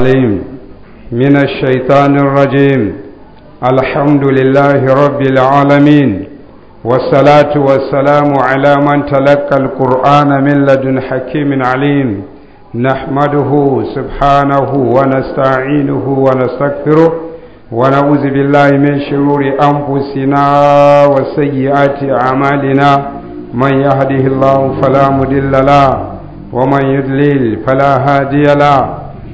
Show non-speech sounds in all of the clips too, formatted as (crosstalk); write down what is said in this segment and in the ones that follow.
العليم من الشيطان الرجيم الحمد لله رب العالمين والصلاة والسلام على من تلقى القرآن من لدن حكيم عليم نحمده سبحانه ونستعينه ونستغفره ونعوذ بالله من شرور أنفسنا وسيئات أعمالنا من يهده الله فلا مدل له ومن يدلل فلا هادي له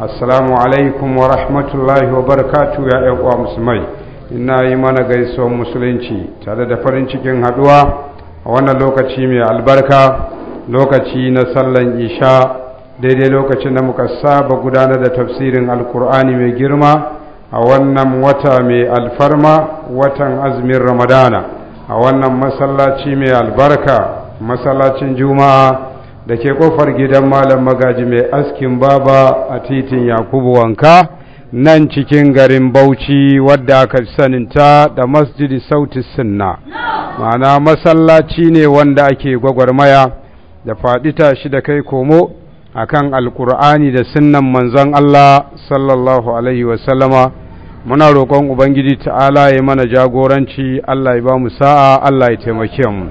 assalamu alaikum wa rahmatullahi wa barakatu ya yan uwa musulmai ina yi mana gaisuwar musulunci tare da farin cikin haduwa a wannan lokaci mai albarka lokaci na sallan isha daidai lokacin da muka saba gudanar da tafsirin alkur'ani mai girma a wannan wata mai alfarma watan azumin ramadana a wannan masallaci mai albarka masallacin juma'a da ke kofar gidan malam magaji mai askin baba a titin yakubu wanka nan cikin garin bauchi wadda aka saninta da masjidi sauti sunna ma'ana masallaci ne wanda ake gwagwarmaya da faɗi shi da kai komo akan alkur'ani da sunnan manzon Allah sallallahu alaihi wasallama muna roƙon ubangiji ta'ala ya mana jagoranci Allah ya ba mu sa'a Allah ya taimake mu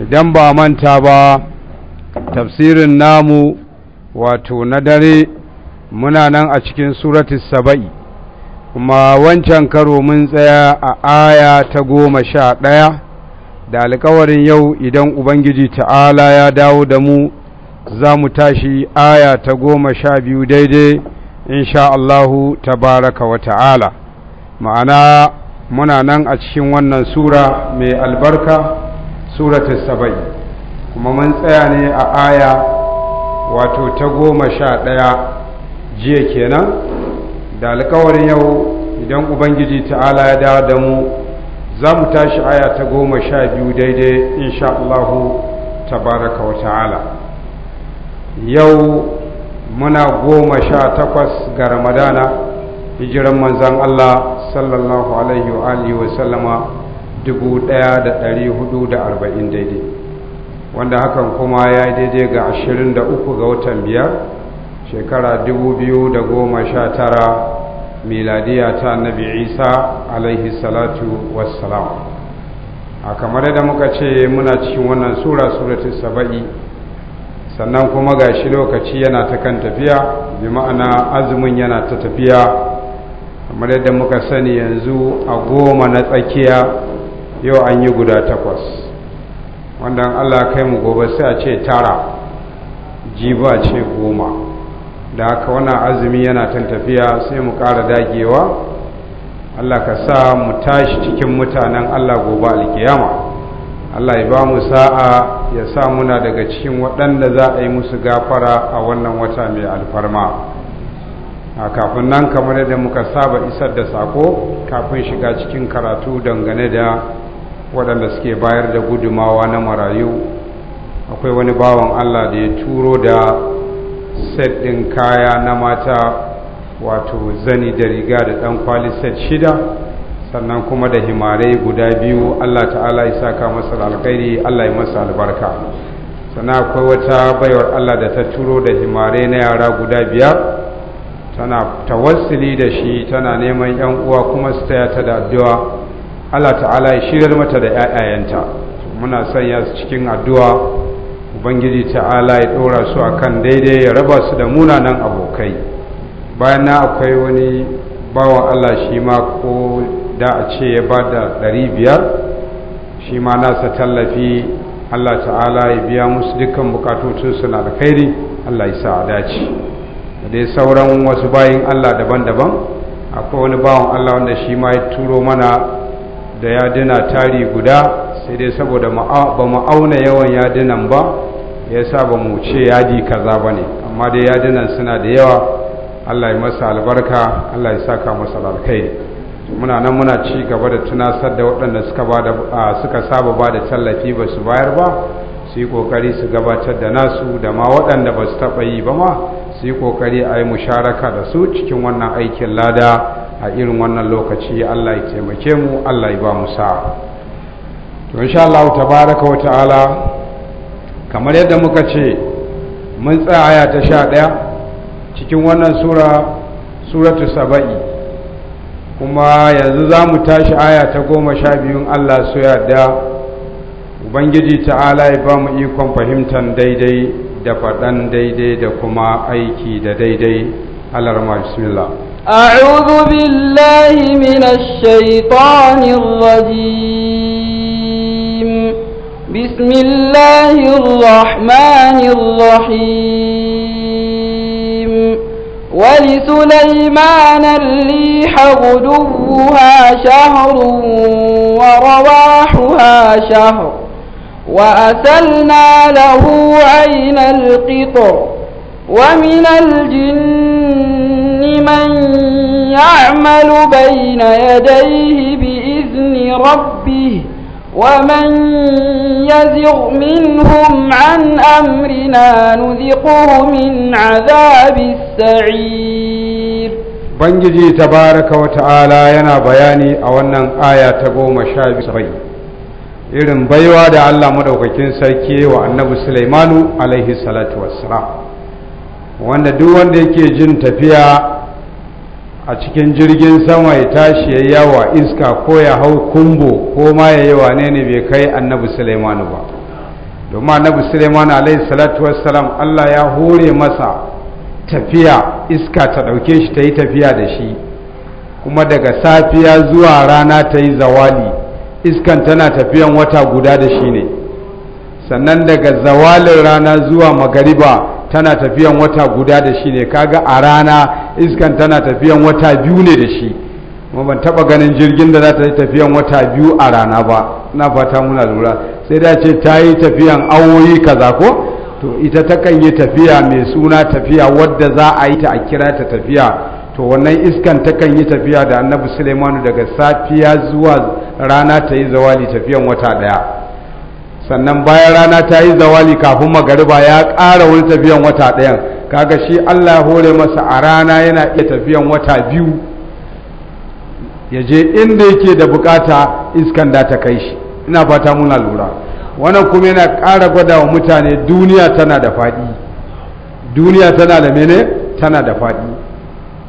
idan ba manta ba tafsirin namu wato na dare muna nan a cikin surati saba'i kuma wancan karo mun tsaya a aya ta goma sha ɗaya da alkawarin yau idan ubangiji ta'ala ya dawo da mu za mu tashi aya ta goma sha biyu daidai insha Allahu tabaraka wa ta'ala ma'ana muna nan a cikin wannan sura mai albarka suratul saba'i kuma mun tsaya ne a aya wato ta goma sha ɗaya jiya kenan da alkawarin yau idan ubangiji ta'ala ya dawo da mu za mu tashi aya ta goma sha biyu daidai insha Allahu tabaraka wa ta'ala yau muna goma sha takwas ga ramadana hijiran manzan Allah sallallahu alaihi wa alihi wa sallama dubu ɗaya da ɗari hudu da arba'in daidai wanda hakan kuma ya yi daidai ga 23 ga watan biyar shekara 2019 miladiya ta annabi isa alaihi salatu wassalam a kamar yadda muka ce muna cikin wannan sura suratun saba'i sannan kuma gashi lokaci yana ta kan tafiya bi ma'ana azumin yana ta tafiya kamar yadda muka sani yanzu a goma na tsakiya yau an yi guda takwas wanda Allah kai mu gobe sai a ce tara jiba ce goma da haka wannan azumi yana tan tafiya sai mu ƙara dagewa Allah ka sa mu tashi cikin mutanen Allah gobe alkiyama Allah ya ba mu sa'a ya sa muna daga cikin waɗanda za a yi musu gafara a wannan wata mai alfarma a kafin nan kamar yadda muka saba isar da sako kafin shiga cikin karatu dangane da waɗanda suke bayar da gudumawa na marayu akwai wani bawan Allah da ya turo da set ɗin kaya na mata wato zani da riga da ɗan kwali set shida sannan kuma da himarai guda biyu Allah ta'ala ya saka masa alkhairi Allah ya masa albarka sannan akwai wata baiwar Allah da ta turo da himarai na yara guda biyar tana tawassuli da shi tana neman 'yan uwa kuma su taya ta da addu'a Allah ta'ala ya shirar mata da ‘ya'yayanta muna sanya su cikin addu'a ubangiji ta'ala ya ɗora su a kan daidai ya raba su da munanan abokai bayan na akwai wani bawan Allah shi ma ko da a ce ya ba da ɗari biyar shi ma nasa tallafi Allah ta'ala ya biya musu dukkan bukatocinsu na alkhairi Allah ya sa a dace da sauran wasu bayin Allah daban-daban akwai wani bawan Allah wanda shi ma ya turo mana da yadina tari guda sai dai saboda ba mu auna yawan yadinan ba ya sa ba mu ce yadi kaza ba ne amma dai yadinan suna da yawa allah ya masa albarka allah ya saka masa alkai muna nan muna ci gaba da tunasar da waɗanda suka saba ba da tallafi ba su bayar ba su yi kokari su gabatar da nasu da ma waɗanda ba su taɓa yi ba ma su yi kokari a yi musharaka da su cikin wannan aikin lada a irin wannan lokaci Allah ya taimake mu Allah ya ba mu sa'a to insha Allah tabaaraka wa ta'ala kamar yadda muka ce mun tsaya aya ta ɗaya cikin wannan sura suratu saba'i kuma yanzu za mu tashi aya ta goma sha biyun Allah su yarda ubangiji ta'ala ya ba mu ikon fahimtar daidai da faɗan daidai da kuma aiki da daidai alarma bismillah أعوذ بالله من الشيطان الرجيم بسم الله الرحمن الرحيم ولسليمان الريح غدوها شهر ورواحها شهر وأسلنا له عين القطر ومن الجن لمن يعمل بين يديه بإذن ربه ومن يزغ منهم عن أمرنا نذقه من عذاب السعير بنجي تبارك وتعالى ينا بياني أو أن آية تقوم شابسرين irin baiwa da Allah madaukakin sarki wa annabi Sulaimanu alaihi salatu wassalam wanda duk wanda yake jin tafiya a cikin jirgin sama ya tashi ya yawa iska ko ya hau kumbo ko ma ya yi wane ne bai kai annabi sulaimanu ba domin annabi sulaimanu alaihi salatu wassalam allah ya hore masa tafiya iska ta ɗauke shi ta yi tafiya da shi kuma daga safiya zuwa rana ta yi zawali iskan tana tafiyan wata guda da shi ne sannan daga zawalin rana zuwa magariba tana tafiyan wata guda da shi ne kaga a rana iskan tana tafiyan wata biyu ne da shi kuma ban taba ganin jirgin da za ta yi tafiyan wata biyu a rana ba na fata muna lura sai da ce ta yi tafiyan awoyi kaza ko to ita takan yi tafiya mai suna tafiya wadda za a yi ta a kira ta tafiya to wannan iskan takan yi tafiya da annabi suleimanu daga safiya zuwa rana ta yi zawali tafiyan wata daya sannan bayan rana ta yi zawali kafin magariba ya ƙara wani tafiyan wata ɗayan kaga shi Allah ya hore masa a rana yana iya tafiyan wata biyu ya je inda yake da bukata iskan da ta kai shi ina fata muna lura wannan kuma yana ƙara gwada wa mutane duniya tana da faɗi duniya tana da mene tana da faɗi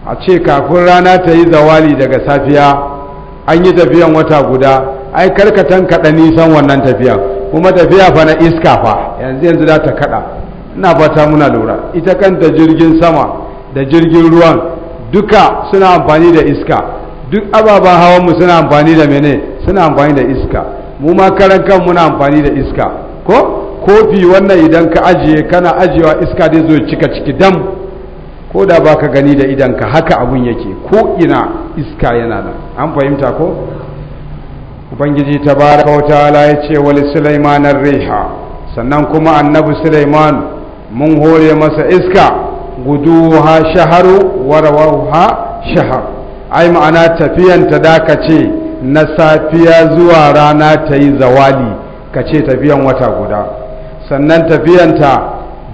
a ce kafin rana ta yi zawali daga safiya an yi tafiyan wata guda ai karkatan kaɗa nisan wannan tafiyan kuma tafiya fa na iska fa yanzu yanzu za ta kada ina fata muna lura ita kanta jirgin sama da jirgin ruwan duka suna amfani da iska duk ababen hawan mu suna amfani da mene suna amfani da iska mu ma karan kan muna amfani da iska ko kofi wannan idan ka ajiye kana ajiyewa iska dai zo cika ciki dam ko da baka gani da idan ka haka abun yake ko ina iska yana nan an fahimta ko ubangiji ta kauta ala ya ce wali sulaimanar riha sannan kuma annabi sulaiman mun hore masa iska ha shaharu wa ha shahar ai ma'ana tafiyan ta dakace na safiya zuwa rana ta yi zawali ka ce tafiyan wata guda sannan tafiyanta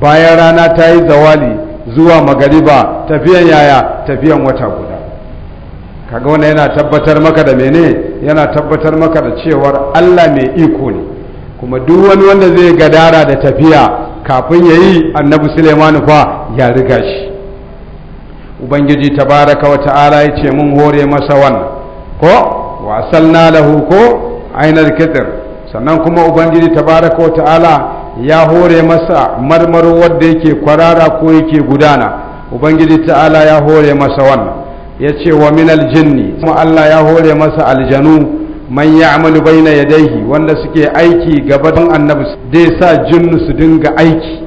bayan rana ta yi zawali zuwa magariba tafiyan yaya tafiyan wata guda kaga wannan yana tabbatar maka da mene yana tabbatar maka da cewar Allah mai iko ne kuma duk wani wanda zai gadara da tafiya kafin ya yi annabi suleiman fa ya riga shi ubangiji tabaraka wa ta'ala ya ce mun hore masa wannan ko wasalna lahu ko ainar kitir sannan kuma ubangiji tabaraka wa ta'ala ya hore masa marmaro wanda yake kwarara ko yake gudana ubangiji ta'ala ya hore masa wannan ya ce wa minal jinni kuma Allah ya hore masa aljanu man ya amalu baina yadaihi wanda suke aiki gaba gaban annabi dai sa jinnu su dinga aiki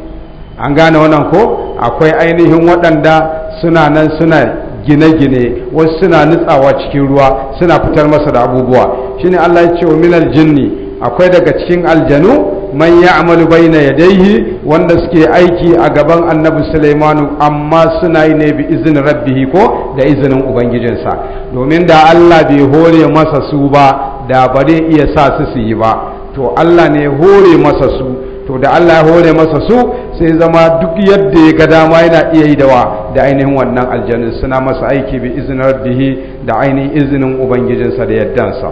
an gane wannan ko akwai ainihin waɗanda suna nan suna gine-gine wasu suna nutsawa cikin ruwa suna fitar masa da abubuwa shine Allah ya ce wa minal jinni akwai daga cikin aljanu man ya na baina yadayhi wanda suke aiki a gaban annabi Sulaimanu amma suna yi ne izinin rabbihi ko da izinin ubangijinsa domin da Allah bai hore masa su ba da bari iya sa su su yi ba to Allah ne hore masa su to da Allah ya hore masa su sai zama duk yadda ya ga dama yana iya yi dawa da ainihin wannan aljanu suna masa aiki bi izinin rabbihi da ainihin izinin ubangijinsa da yaddansa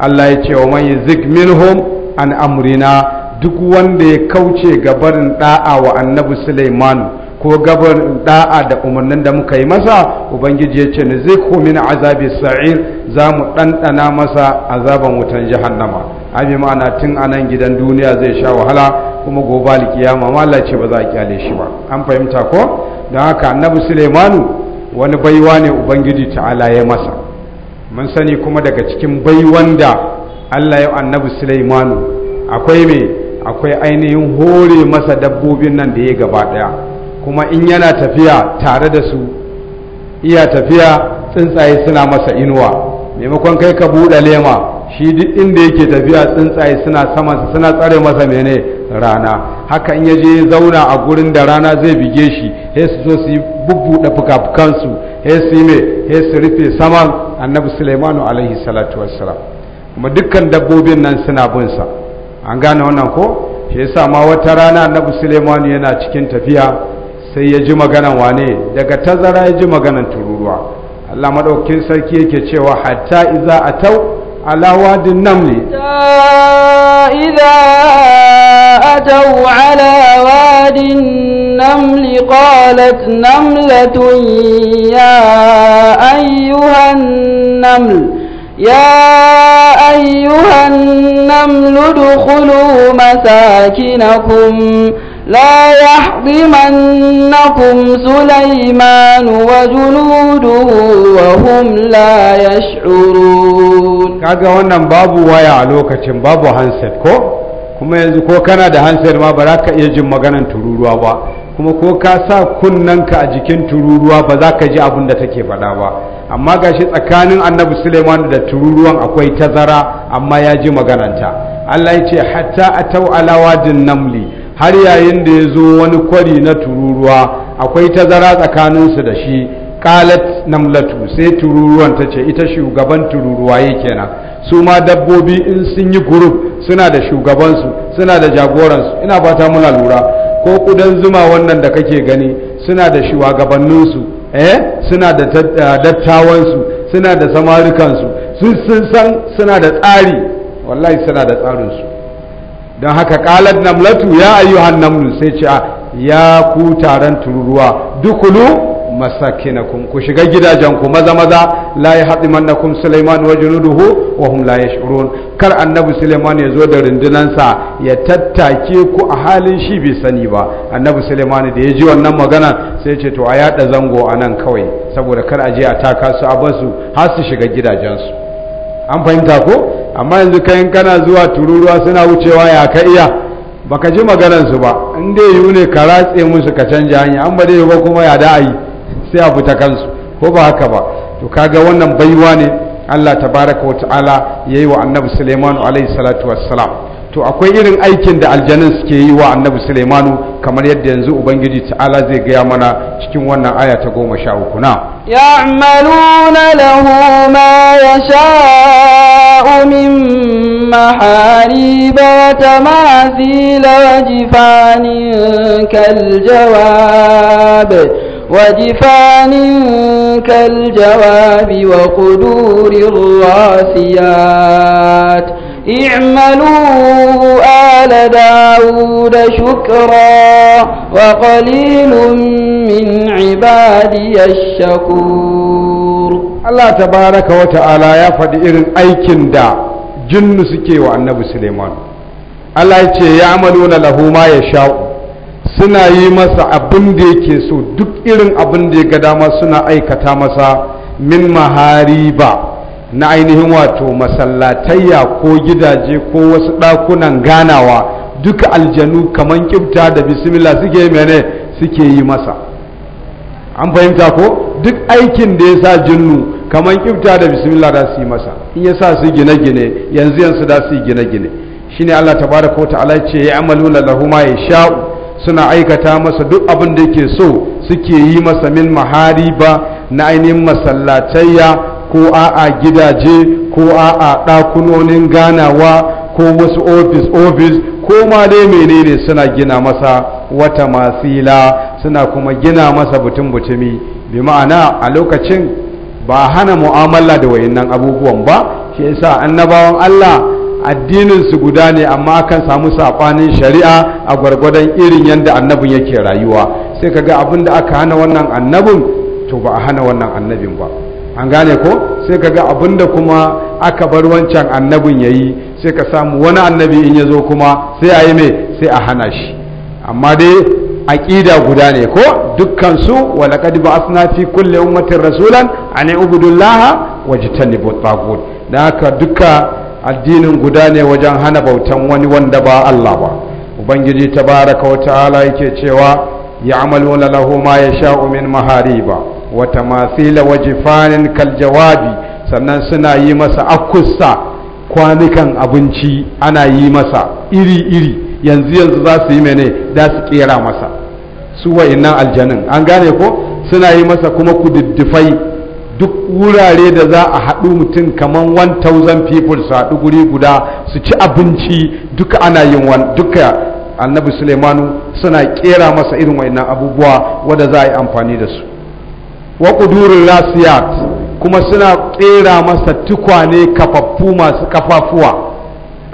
Allah ya ce wa man yuzik minhum an amrina duk wanda ya kauce gabarin da'a wa annabi Sulaimanu ko gabarin da'a da umarnin da muka yi masa ubangiji ya ce komi na azabi sa'ir za mu ɗanɗana masa azaban wutan jahannama abi ma'ana tun a nan gidan duniya zai sha wahala kuma gobe alkiyama ma Allah ce ba za a kyale shi ba an fahimta ko don haka annabi Sulaimanu wani baiwa ne ubangiji ta'ala ya masa mun sani kuma daga cikin baiwan da Allah ya annabi Sulaimanu akwai mai akwai ainihin hore masa dabbobin nan da ya gaba ɗaya kuma in yana tafiya tare da su iya tafiya tsuntsaye suna masa inuwa maimakon kai ka buɗe lema shi duk inda yake tafiya tsuntsaye suna su suna tsare masa mene rana haka in yaje ya zauna a gurin da rana zai bige shi sai su zo su bubbuɗe fuka-fukansu sai su yi mai sai su rufe saman annabi sulaimanu alaihi salatu wassalam kuma dukkan dabbobin nan suna bin sa an gane wannan ko shi yasa ma wata rana annabi Suleiman yana cikin tafiya sai ya ji maganan wane daga tazara ya ji maganan tururuwa Allah madaukakin sarki yake cewa hatta iza atau ala wadin namli iza atau ala wadin النمل قالت نملة يا أيها النمل يا أيها النمل ادخلوا مساكنكم لا يحطمنكم سليمان وجنوده وهم لا يشعرون كذا wannan babu waya a lokacin babu handset ko kuma yanzu ko kana da handset ma ba za ka iya jin maganan tururuwa ba kuma ko ka sa kunnanka a jikin tururuwa ba za ka ji abin da take faɗa ba amma ga shi tsakanin annabi suleiman da tururuwan akwai tazara amma ya ji magananta allah ya ce hatta a ala wadin namli har yayin da ya zo wani kwari na tururuwa akwai tazara tsakaninsu da shi kalat namlatu sai tururuwan ta ce ita shugaban tururuwa ya kenan su ma dabbobi in sun yi guruf suna da shugabansu suna da jagoransu ina fata muna lura ko kudan zuma wannan da kake gani suna da shugabanninsu eh suna da eh, dattawansu suna da samarikansu sun sun san suna da tsari wallahi suna da tsarinsu don haka qalat namlatu ya ayyuhan namlu sai ce ah, ya ku taron tururuwa dukulu masakinakum ku shiga gidajenku maza maza la yahdimannakum sulaiman wa junuduhu wa hum la yash'urun kar annabi sulaiman ya zo da rundunansa ya tattake ku a halin shi bai sani ba annabi sulaiman da ya ji wannan magana sai ce to a yada zango a nan kawai saboda kar a je a taka su a basu har su shiga gidajensu an fahimta ko amma yanzu kayan kana zuwa tururuwa suna wucewa ya ka iya baka ji su ba in dai yiwu ne ka ratse musu ka canja hanya an ba dai ba kuma ya da'ayi yi sai a fita kansu ko ba haka ba to kaga wannan baiwa ne Allah tabaraka wa ta'ala yayi wa annabi Sulaimanu alayhi salatu wassalam to akwai irin aikin da aljanin suke yi wa annabi Sulaimanu kamar yadda yanzu ubangiji ta'ala zai gaya mana cikin wannan aya ta goma sha uku na ya'maluna lahu ma yasha'u min mahariba wa tamathila jifanin وجفان كالجواب وقدور الراسيات اعملوا آل داود شكرا وقليل من عبادي الشكور الله تبارك وتعالى يا فدئر أيكن دا جن سكي وأنب سليمان الله يتي يعملون له ما يشاء suna yi masa abin da yake so duk irin abin da ya ga dama suna aikata masa min mahariba na ainihin wato masallatayya ko gidaje ko wasu ɗakunan ganawa duka aljanu kaman kibta da bismillah suke mene suke yi masa an fahimta ko duk aikin da ya sa jinnu kaman kibta da bismillah da su yi masa in ya sa su gine-gine yanzu yansu da su yi gine-gine shine Allah tabaraka wa ta'ala ce ya amalu lahu ma ya sha'u suna aikata masa duk abin da yake so suke yi masa min mahariba na ainihin masallataiya ko a'a gidaje ko a'a ɗakunonin ganawa ko wasu ofis ofis ko ma dai menene suna gina masa wata masila suna kuma gina masa butun butumi bi ma'ana a lokacin ba hana mu'amala da wayannan abubuwan ba shi yasa annabawan Allah addinin su guda ne amma kan samu saɓanin shari'a a gwargwadon irin yadda annabin yake rayuwa sai kaga abin da aka hana wannan annabin to ba a hana wannan annabin ba an gane ko sai kaga abin da kuma aka bar wancan annabin ya yi sai ka samu wani annabi in ya zo kuma sai a yi mai sai a hana shi amma dai aƙida guda ne ko dukkansu wala ba asna fi kulli ummatin rasulan ani ibudullaha wajtanibu taghut da haka duka addinin guda ne wajen hana bautan wani wanda ba Allah ba ubangiji tabaraka wa ta'ala yake cewa ya'maluna lahu ma yasha'u min mahariba wata tamathila wa jifanin kal jawabi sannan suna yi masa akussa kwanukan abinci ana yi masa iri iri yanzu yanzu za su yi mene da su kera masa su wa'innan aljanin an gane ko suna yi masa kuma kududdufai duk wurare da za a haɗu mutum kamar 1000 people su haɗu guri guda su ci abinci duka ana yin wani duka annabi sulemanu suna kera masa irin wa'annan abubuwa wadda za a yi amfani da su wa ƙudurin rasiyat kuma suna kera masa tukwane kafaffu masu kafafuwa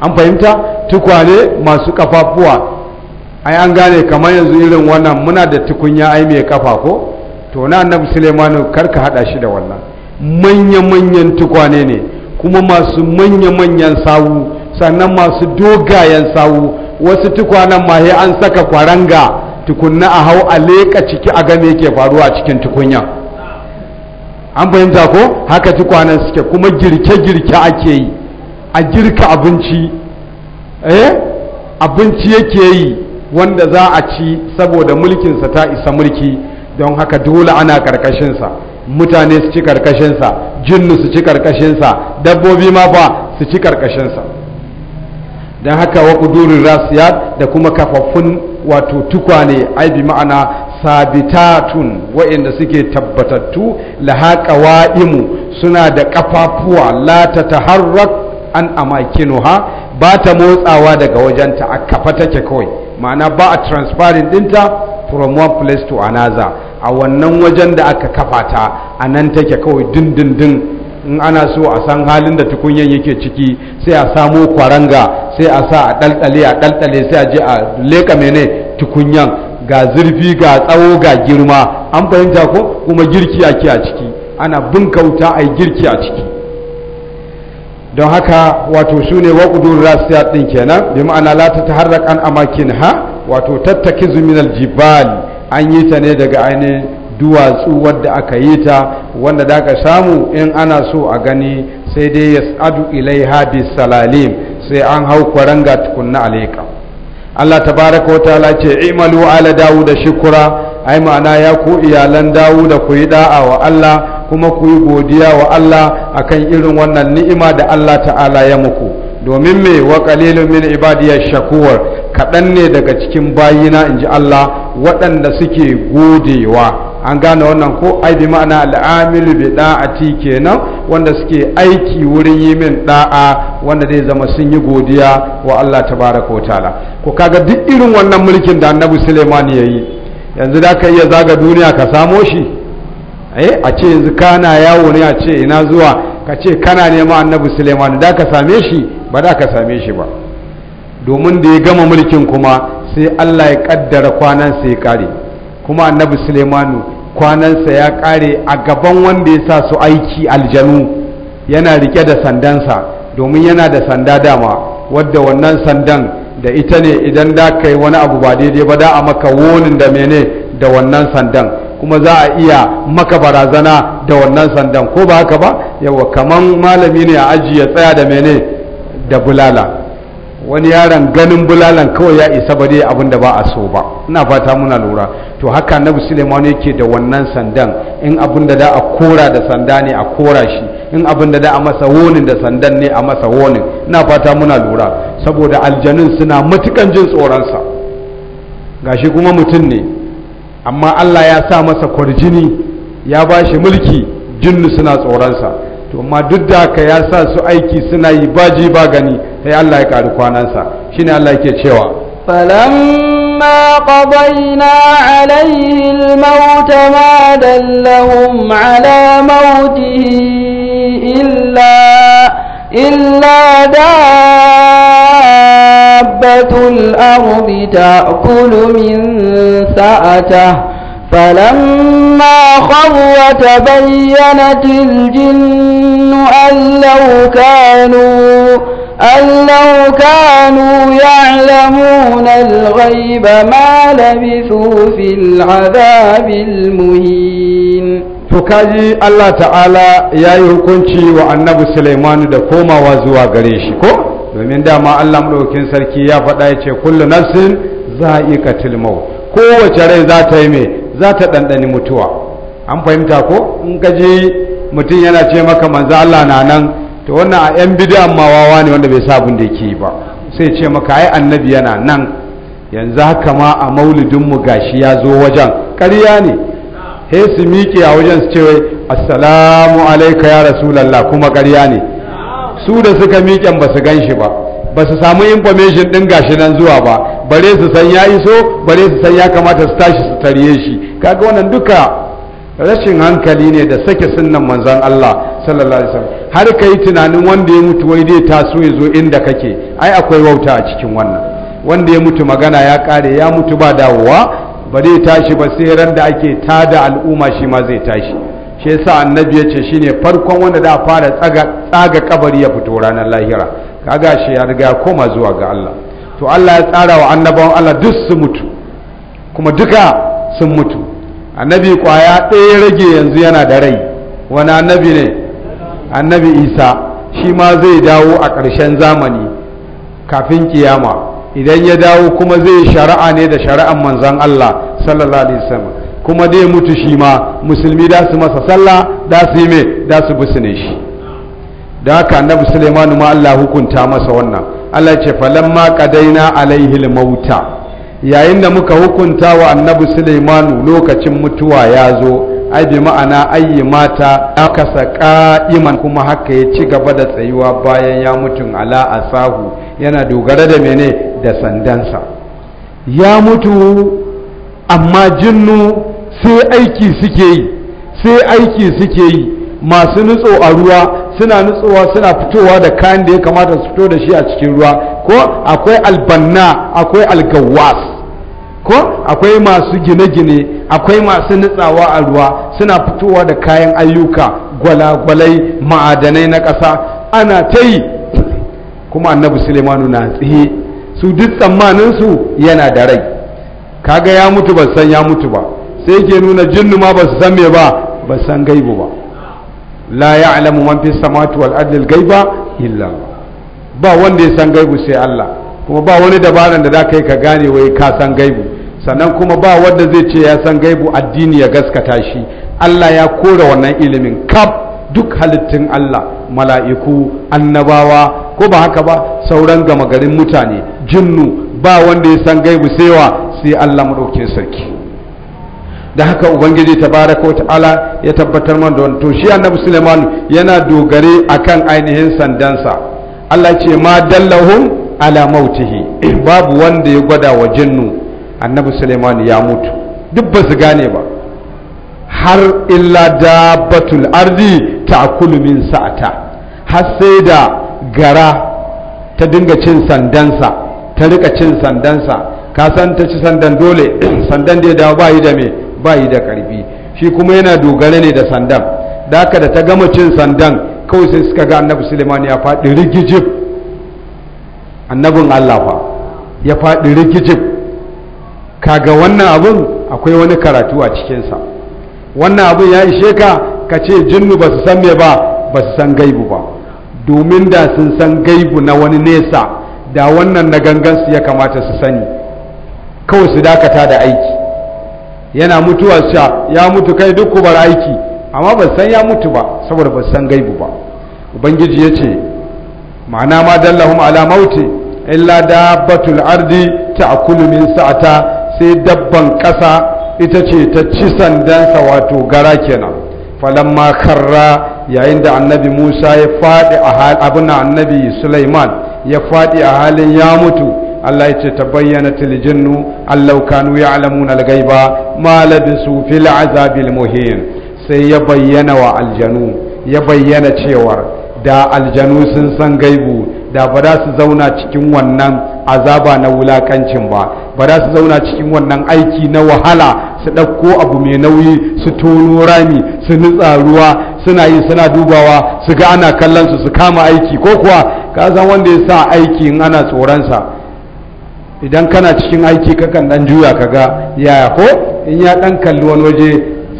an fahimta tukwane masu kafafuwa ai an gane kamar yanzu irin wannan muna da tukunya ai mai kafa ko to na annabi sulaimanu kar ka hada shi da wannan manya-manyan tukwane ne kuma masu manya-manyan sawu sannan masu dogayen sawu wasu tukwanen ma an saka kwaranga tukunna a hau a leƙa ciki a game ke faruwa cikin tukunya an fahimta ko haka tukwanen suke kuma girke-girke ake yi a girka abinci eh abinci yake yi wanda za a ci saboda mulkinsa ta isa mulki don haka dole ana karkashinsa mutane su ci karkashinsa jinnu su ci karkashinsa dabbobi ma fa su ci karkashinsa don haka wa kudurin rasiyat da kuma kafaffun wato tukwane ai bi ma'ana sabitatun wa'inda suke tabbatattu lahaqa wa'imu suna da kafafuwa la taharrak an amakinuha ba ta motsawa daga wajenta a kafa take kawai ma'ana ba a transparent dinta from one place to another a wannan wajen da aka kafa ta a nan take kawai dindindin in ana so a san halin da tukunyan yake ciki sai a samo kwaranga sai a sa a ɗalɗale a ɗalɗale sai a je a leƙa mene tukunyan ga zurfi ga tsawo ga girma an fahimta ko kuma girki ake a ciki ana bin kauta a yi girki a ciki don haka wato su ne waƙudun rasiyar ɗin kenan bi ma'ana la ta taharrak amakin ha wato tattaki zuminal jibal an yi ta ne daga ainihin duwatsu wadda aka yi ta wanda da aka samu in ana so a gani sai dai ya adu ilaiha salalim sai an hau kwaranga tukunna alaika Allah ta baraka wata ala ce imalu ala shikura shukura ai ma'ana ya ku iyalan da ku yi da'a wa Allah kuma ku yi godiya wa Allah akan irin wannan ni'ima da Allah ta'ala ya muku domin mai wa qalilun min ibadiyash shakur kaɗan ne daga cikin bayina in ji Allah waɗanda suke godewa an gane wannan ko ai bi ma'ana al'amilu bi da'ati kenan wanda suke aiki wurin yi min da'a wanda zai zama sun yi godiya wa Allah tabaraka wa ta'ala ko kaga duk irin wannan mulkin da Annabi Suleiman yi yanzu da ka iya zaga duniya ka samo shi eh a ce yanzu kana yawo ne a ce ina zuwa ka ce kana nema Annabi Suleiman da ka same shi ba da ka same shi ba domin da ya gama mulkin kuma sai Allah ya kaddara kwanansa ya kare kuma annabi Sulemanu kwanansa ya kare a gaban wanda ya sa su aiki aljanu yana rike da sandansa domin yana da sanda dama wadda wannan sandan da ita ne idan da ka yi wani abu ba daidai ba da a maka wonin da mene da wannan sandan kuma za a iya maka barazana da wannan sandan ko ba haka ba yawa kaman malami ne a ajiye ya tsaya da mene da bulala wani yaron ganin bulalan kawai ya isa ba dai abin da ba a so ba ina fata muna lura to haka annabi suleiman yake da wannan sandan in abin da da a kora da sanda ne a kora shi in abin da da a masa wonin da sandan ne a masa wonin ina fata muna lura saboda aljanun suna matukan jin tsoronsa gashi kuma mutum ne amma allah ya sa masa kwarjini ya ba shi mulki jinnu suna tsoronsa to ma duk da ka ya sa su aiki suna yi ba ji ba gani sai Allah ya karu kwanansa ne Allah yake cewa falamma qadayna alayhi almaut ma dallahum ala mautihi illa illa dabbatul ardi ta'kulu min sa'atihi فلما خر تبينت الجن أن لو كانوا أن لو كانوا يعلمون الغيب ما لبثوا في العذاب المهين tokaji Allah ta'ala ya yi hukunci wa annabi Suleimanu da komawa zuwa gare shi ko domin dama Allah madaukakin sarki ya faɗa ya ce kullu nafsin za'iqatul maut kowace rai za ta yi me za ta ɗanɗani mutuwa an fahimta ko in ka je mutum yana ce maka manzo Allah na nan to wannan a yan bid'an ma wawa ne wanda bai sabun da yake ba sai ce maka ai annabi yana nan yanzu haka ma a maulidin mu gashi ya zo wajen ƙarya ne he su miƙe a wajen su ce wai assalamu alaika ya rasu lalla kuma ƙarya ne su da suka miƙen ba su gan shi ba ba su samu information ɗin gashi nan zuwa ba bare su san ya iso bare su san ya kamata su tashi su tarye shi kaga wannan duka rashin hankali ne da sake sunnan manzon Allah sallallahu alaihi wasallam har kai tunanin wanda ya mutu wai zai taso ya zo inda kake ai akwai wauta a cikin wannan wanda ya mutu magana ya kare ya mutu ba dawowa ba zai tashi ba sai ran da ake tada al'umma shi ma zai tashi shi yasa annabi ya ce shine farkon wanda da fara tsaga tsaga kabari ya fito ranar lahira kaga shi ya riga koma zuwa ga Allah to Allah ya tsara wa annabawan Allah duk su mutu kuma duka sun mutu annabi kwaya ɗaya rage yanzu yana da rai wani annabi ne annabi isa shi ma zai dawo a ƙarshen zamani kafin kiyama idan ya dawo kuma zai shari'a ne da shari'an manzan Allah sallallahu alaihi wasallam kuma dai mutu shi ma musulmi da su masa sallah da su yi mai da su busune shi da haka annabi suleiman ma Allah hukunta masa wannan Allah ce falamma qadaina alaihi mauta yayin da muka hukunta wa annabi suleimanu lokacin mutuwa ya zo ai bi ma'ana ayi mata saka iman. kuma haka ya ci gaba da tsayuwa bayan ya mutu ala asahu yana dogara da mene da sandansa ya mutu amma jinnu sai aiki suke yi sai aiki suke yi masu nutso a ruwa suna nutsuwa suna fitowa da kayan da ya kamata su fito da shi a cikin ruwa ko akwai albanna akwai algawas ko akwai masu gine-gine akwai masu nutsawa a ruwa suna fitowa da kayan ayyuka gwalagwalai ma'adanai na ƙasa ana ta yi kuma annabi sulemanu na tsihe su duk tsammaninsu yana da rai kaga ya mutu ba san ya mutu ba sai ke nuna jinnu ma ba su san me ba ba san gaibu ba la alamu man fi samawati wal ardi al-ghaiba illa ba wanda ya san gaibu sai Allah kuma ba wani dabaran da zaka yi ka gane wai ka san gaibu sannan kuma ba wanda zai ce ya san gaibu addini ya gaskata shi Allah ya kore wannan ilimin kaf duk halittun Allah mala'iku annabawa ko ba haka ba sauran gama garin mutane jinnu ba wanda ya san gaibu sai wa sai Allah madaukakin sarki da haka ubangiji tabaraka ta'ala ya tabbatar man don to shi annabi suleiman yana dogare akan ainihin sandansa Allah ce ma dallahum ala mautihi (clears throat) babu wanda ya gwada wa jinnu annabi suleiman ya mutu duk ba su gane ba har illa dabbatul ardi ta'kulu min sa'ata har sai da gara ta dinga cin sandansa ta rika cin sandansa ka san ta ci sandan dole (clears throat) sandan da ya dawo ba yi da me ba yi da karfi shi kuma yana dogara ne da sandan da aka da ta gama cin sandan kawai sai suka ga annabi suleiman ya faɗi rigijib annabin allah fa ya faɗi rigijib kaga wannan abin akwai wani karatu a cikinsa wannan abin ya ishe ka ka ce jinnu ba su san me ba ba su san gaibu ba domin da sun san gaibu na wani nesa da wannan na gangansu ya kamata su sani kawai su dakata da aiki yana mutuwa sha ya mutu kai duk ku aiki amma ban san ya mutu ba saboda ban san gaibu ba ubangiji ya ce ma'ana ma dallahum ala mauti illa dabbatul ardi ta'kulu min sa'ata sai dabban ƙasa ita ce ta ci sandansa wato gara kenan falamma karra yayin da annabi Musa ya faɗi a halin abin annabi Sulaiman ya faɗi a halin ya mutu Allah ya ce ta bayyana tiljinnu allau kanu ya'lamuna al-ghaiba ma labisu fil azabil muhin sai ya bayyana wa aljanu ya bayyana cewar da aljanu sun san gaibu da ba za su zauna cikin wannan azaba na wulakancin ba ba za su zauna cikin wannan aiki na wahala su ɗauko abu mai nauyi su tono rami su nutsa ruwa suna yi suna dubawa su ga ana kallon su su kama aiki ko kuwa ka san wanda ya sa aiki in ana tsoronsa idan kana cikin aiki kakan dan juya ka ga yaya ko in ya dan kalli wani waje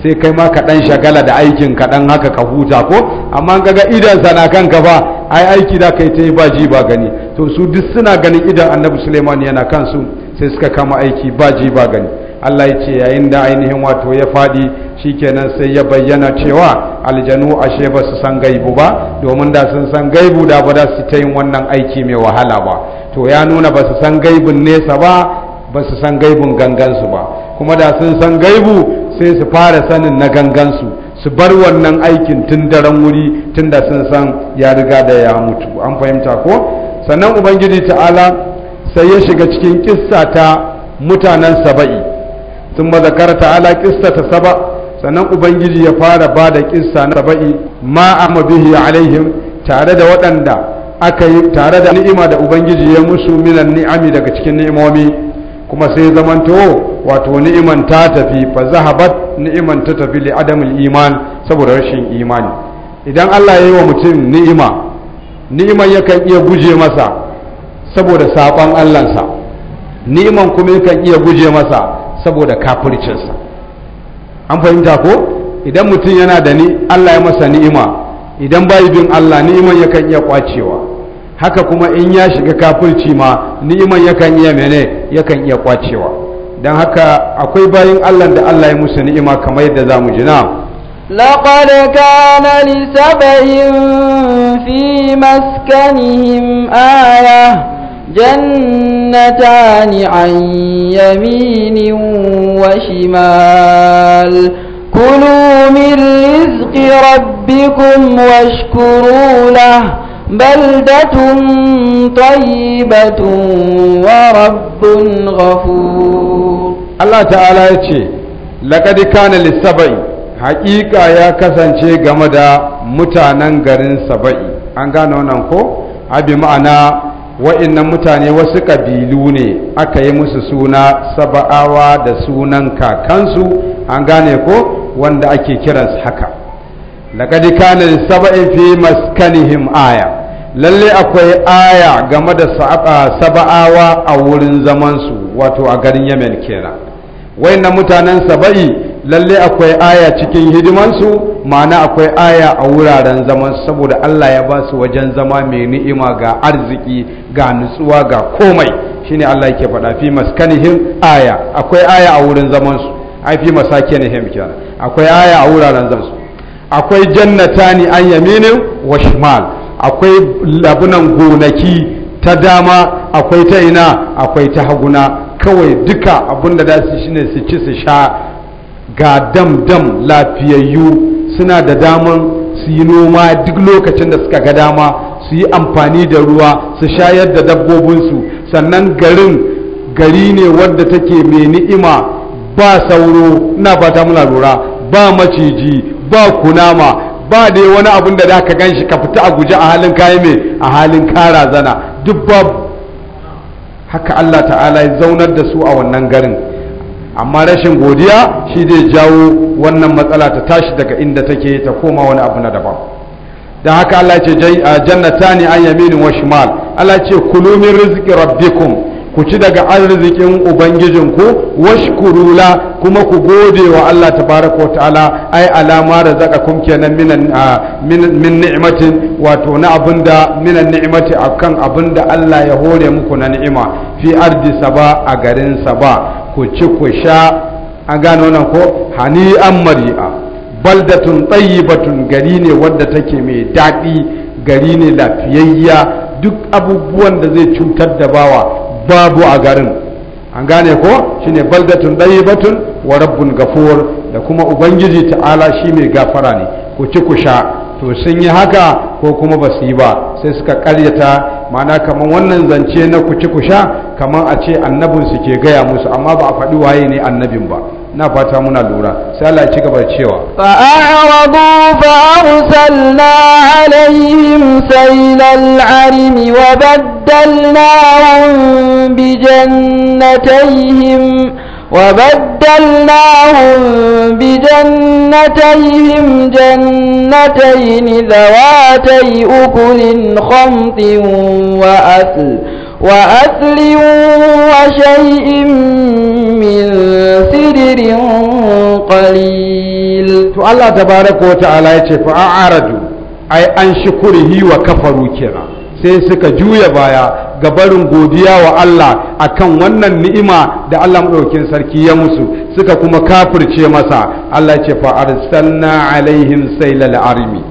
sai kai ma ka dan shagala da aikin ka dan haka ka huta ko amma ka ga idan sana ka ba ai aiki da kai ta yi ba ji ba gani to su duk suna ganin idan annabi suleiman yana kansu sai suka kama aiki ba ji ba gani Allah ya ce yayin da ainihin wato ya faɗi shikenan sai ya bayyana cewa aljanu ashe ba su san gaibu ba domin da sun san gaibu da ba za su ta yin wannan aiki mai wahala ba to ya nuna ba su san gaibin nesa ba ba su san gaibin gangansu ba kuma da sun san gaibu sai su fara sanin na gangansu su bar wannan aikin tun daren wuri tun da sun san ya riga da ya mutu an fahimta ko sannan ubangiji ta'ala sai ya shiga cikin kissa ta mutanen saba'i sun zakar ta'ala kissa ta saba sannan ubangiji ya fara ba da kissa na saba'i ma bihi alaihim tare da waɗanda aka yi tare da ni'ima da ubangiji ya musu minan ni'ami daga cikin ni'imomi kuma sai zamanto wato ni'iman ta tafi fa zahabat ni'iman ta tafi li adamul iman saboda rashin imani idan Allah ya yi wa mutum ni'ima ni'iman yakan iya guje masa saboda saban Allahnsa ni'iman kuma yakan iya guje masa saboda kafircinsa an fahimta ko idan mutum yana da ni Allah ya masa ni'ima idan bai bin Allah ni'iman yakan iya kwacewa haka kuma in ya shiga kafirci ma ni'iman yakan iya mene yakan iya kwacewa don haka akwai bayin Allah da Allah ya musu ni'ima kamar yadda za mu ji na لقد كان fi في مسكنهم آية جنتان عن يمين وشمال كلوا من رزق ربكم واشكروا له بلدة طيبة ورب غفور الله تعالى يتشي لقد كان للسبعي حقيقة يا كسان شيء غمدا متانا غرين سبعي أنغانا ننكو أبي ma'ana وإن mutane wasu بيلوني ne aka yi musu suna saba'awa da sunan wanda ake kiransu haka laqad kana lisaba'in fi maskanihim aya lalle akwai aya game da saba'awa a wurin zamansu wato a garin yemen wai na mutanen saba'i lalle akwai aya cikin hidimansu ma'ana akwai aya a wuraren zaman saboda Allah ya ba su wajen zama mai ni'ima ga arziki ga nutsuwa ga komai shine Allah yake faɗa fi maskanihim aya akwai aya a wurin zamansu. ai fi masakinihim kenan akwai aya a wuraren zansu akwai jannatani an yaminin wa shimal akwai labunan gonaki ta dama akwai ta ina akwai ta haguna kawai duka abinda da su shine su ci su sha ga dam dam lafiyayyu suna da daman su yi noma duk lokacin da suka ga dama su yi amfani da ruwa su shayar da dabbobinsu sannan garin gari ne wadda take mai ni'ima ba sauro na fata muna lura ba maciji ba kunama ba da wani abun da za ka gan shi ka fita a guji a halin kayi mai a halin kara zana duk ba haka Allah ta'ala ya zaunar da su a wannan garin amma rashin godiya shi zai jawo wannan matsala ta tashi daga inda take ta koma wani abu na daban da haka Allah ce jannatani an yaminin wa shimal Allah ce kulumin rizqi rabbikum ku ci daga arzikin ubangijinku washkurula kuma ku gode wa Allah tabaraka wa ta'ala ai alama da zaka kun kenan minan min ni'matin wato na abinda minan ni'mati akan abinda Allah ya hore muku na ni'ima fi ardi saba a garin saba ku ci ku sha an gano nan ko hani'an mari'a baldatun tayyibatun gari ne wadda take mai daɗi gari ne lafiyayya duk abubuwan da zai cutar da bawa babu a garin an gane ko shine baldatun batun wa rabbun gafuwar da kuma ubangiji ta'ala shi mai gafara ne ku ci ku sha to sun yi haka ko kuma ba su yi ba sai suka karyata mana kamar wannan zance na ku ci ku sha kamar a ce annabinsu ke gaya musu amma ba a faɗi waye ne annabin ba na fata muna lura sai Allah ci gaba cewa fa'aradu fa'arsalna alaihim sailal arim wa baddalnahum bi jannatayhim وبدلناهم بجنتيهم جنتين ذواتي أكل خمط وأثل وأثل وشيء من mundirin qalil to Allah tabaraka ta'ala ya ce fa a'radu ai an shukurihi wa kafaru kenan sai suka juya baya ga barin godiya wa Allah akan wannan ni'ima da Allah madaukakin sarki ya musu suka kuma kafirce masa Allah ya ce fa arsalna alaihim saylal arimi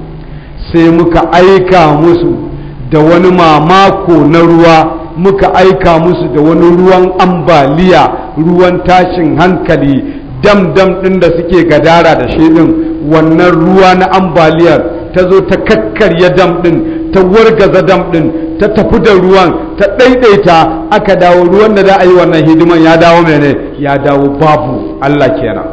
sai muka aika musu da wani mamako na ruwa muka aika musu da wani ruwan ambaliya ruwan tashin hankali dam dam ɗin da suke gadara da shi ɗin wannan ruwa na ambaliyar ta zo ta kakkarya dam ɗin ta wargaza dam ɗin ta tafi da ruwan ta ɗaiɗaita aka dawo ruwan da za a yi wannan hidiman ya dawo mene ya dawo babu Allah kenan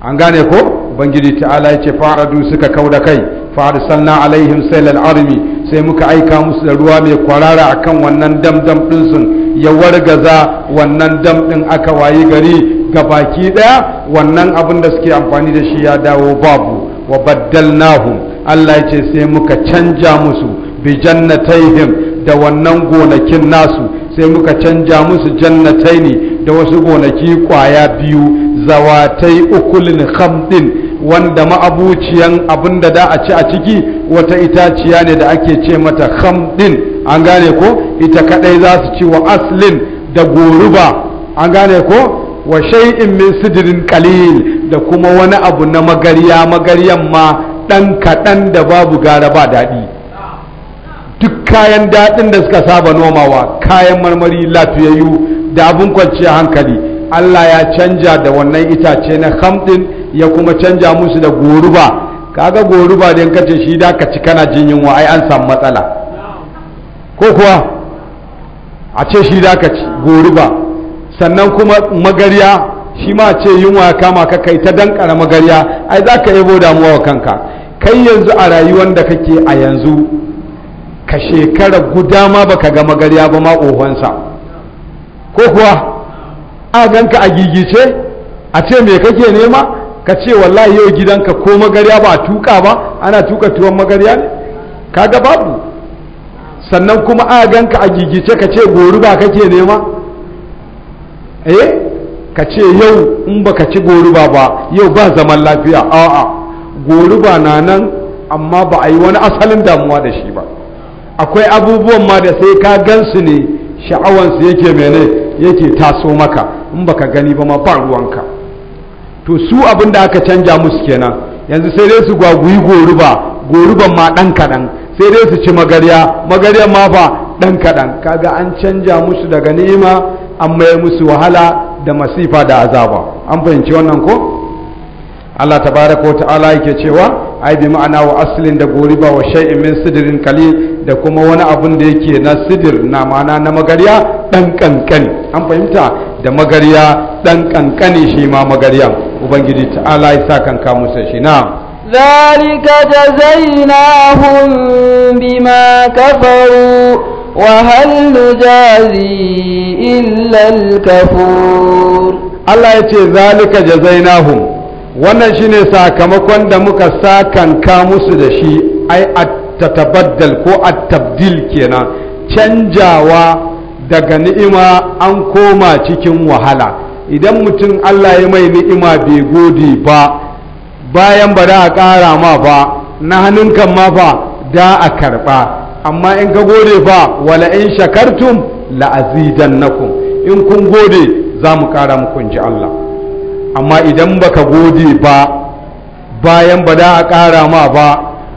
an gane ko bangiji ta'ala ya ce faradu suka kau da kai fara arsalna alaihim sailal armi sai muka aika musu da ruwa mai kwarara akan wannan damdam din ya wargaza wannan dam aka wayi gari ga baki ɗaya wannan abin da suke amfani da shi ya dawo babu wa nahu. Allah ya ce sai muka canja musu bi jannatayhim da wannan gonakin nasu sai muka canja musu jannataini da wasu gonaki kwaya biyu zawatai ukulin khamdin wanda ma'abuciyan abin da da a ci a ciki wata itaciya ne da ake ce mata khamdin an gane ko ita kadai za su ci wa aslin da goruba an gane ko wa shay'in min sidirin qalil da kuma wani abu na magariya magariyan ma dan kadan da babu gara ba daɗi duk kayan daɗin da suka saba nomawa kayan marmari lafiyayyu da abin kwanciya hankali Allah ya canja da wannan itace na hamdin ya kuma canja musu da goruba kaga goruba da yankacin shi da ka ci kana jin yunwa ai an samu matsala ko kuwa a ce shi da ka ci goruba sannan kuma magarya shi ma ce yunwa ya kama ka kai ta dankara magarya ai za ka yabo damuwa wa kanka kai yanzu a rayuwar da kake a yanzu ka shekara guda ma baka ga magarya ba ma ko kuwa a ganka a gigice a ce me kake nema ka ce wallahi yau gidanka ko magarya ba a tuka ba ana tuka tuwon magarya ne kaga babu sannan kuma a ganka a gigice ka ce gori ba kake nema eh ka ce yau in baka ci goruba ba yau ba zaman lafiya a'a goruba na nan amma ba a yi wani asalin damuwa da shi ba akwai abubuwan ma da sai ka su ne sha'awansu yake mene yake taso maka in baka gani ba ma ba ruwanka to su abin da aka canja musu kenan yanzu sai dai su gwagwuyi goruba goruban ma ɗan kaɗan sai dai su ci magarya magarya ma ba ɗan kaɗan kaga an canja musu daga ni'ima an maye musu wahala da masifa da azaba an fahimci wannan ko Allah tabaraka ta'ala yake cewa ai bi ma'ana wa aslin da goriba wa shay'in min sidrin kali da kuma wani abun da yake na sidir na ma'ana na magarya dan kankan an fahimta da magarya dan kankane shi ma magaryan ubangiji ta'ala ya sa kanka musa shi na kafaru wa hal كفروا illa al-kafur Allah ya ce zalika jazainahum wannan shine sakamakon da muka kanka musu da shi ai at tatabaddal ko at tabdil kenan canjawa daga ni'ima an koma cikin wahala idan mutum Allah ya mai ni'ima bai gode ba bayan ba da a ƙara ma ba na hannun kan ma ba da a karɓa amma in ka gode ba wala in shakartum la'azidannakum in kun gode za mu ƙara muku ji Allah amma idan ba ka gode ba bayan ba da a ƙara ma ba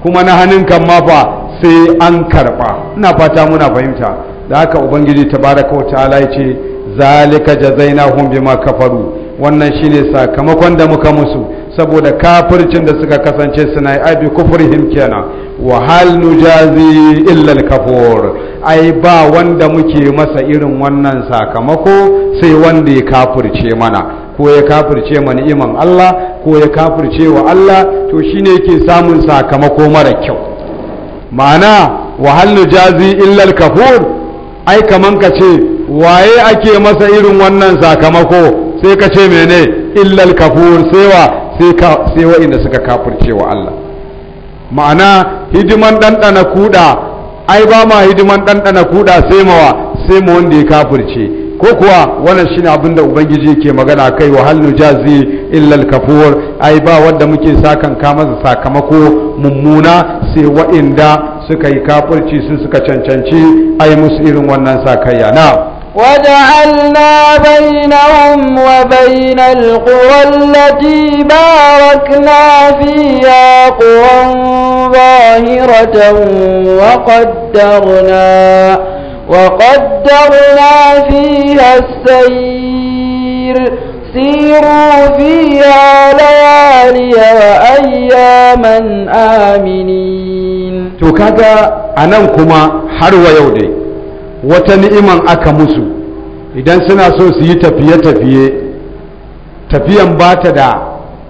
kuma na hannun kan ma ba sai an karɓa ina fata muna fahimta da haka ubangiji tabaraka wa ta'ala ya ce zalika jazainahum bima kafaru wannan shine sakamakon da muka musu saboda kafircin da suka kasance suna yi bi kufrihim kenan wa hal nujazi illa al-kafur ai ba wanda muke masa irin wannan sakamako sai wanda ya kafirce mana ko ya kafirce ma ni'iman Allah ko ya kafirce wa Allah to shine yake samun sakamako mara kyau ma'ana wa hal nujazi illa al-kafur ai kaman ka ce waye ake masa irin wannan sakamako sai ka ce mene illal kafur sewa sai ka sai wa'inda suka kafirce wa Allah ma'ana hidiman ɗanɗana kuɗa ai ba ma hidiman ɗanɗana kuɗa sai mawa sai ma wanda ya kafirce ko kuwa wannan shine abin da ubangiji yake magana kai wa hal nujazi illal kafur ai ba wanda muke sakan ka masa sakamako mummuna sai wa'inda suka yi kafirci su suka cancanci ai musu irin wannan sakayya na وجعلنا بينهم وبين القرى التي باركنا فيها قرى ظاهرة وقدرنا وقدرنا فيها السير سيروا فيها ليالي وأياما آمنين to kaga anan kuma har wa yau dai wata ni'iman aka musu idan suna so su yi tafiye-tafiye tafiyan ba ta da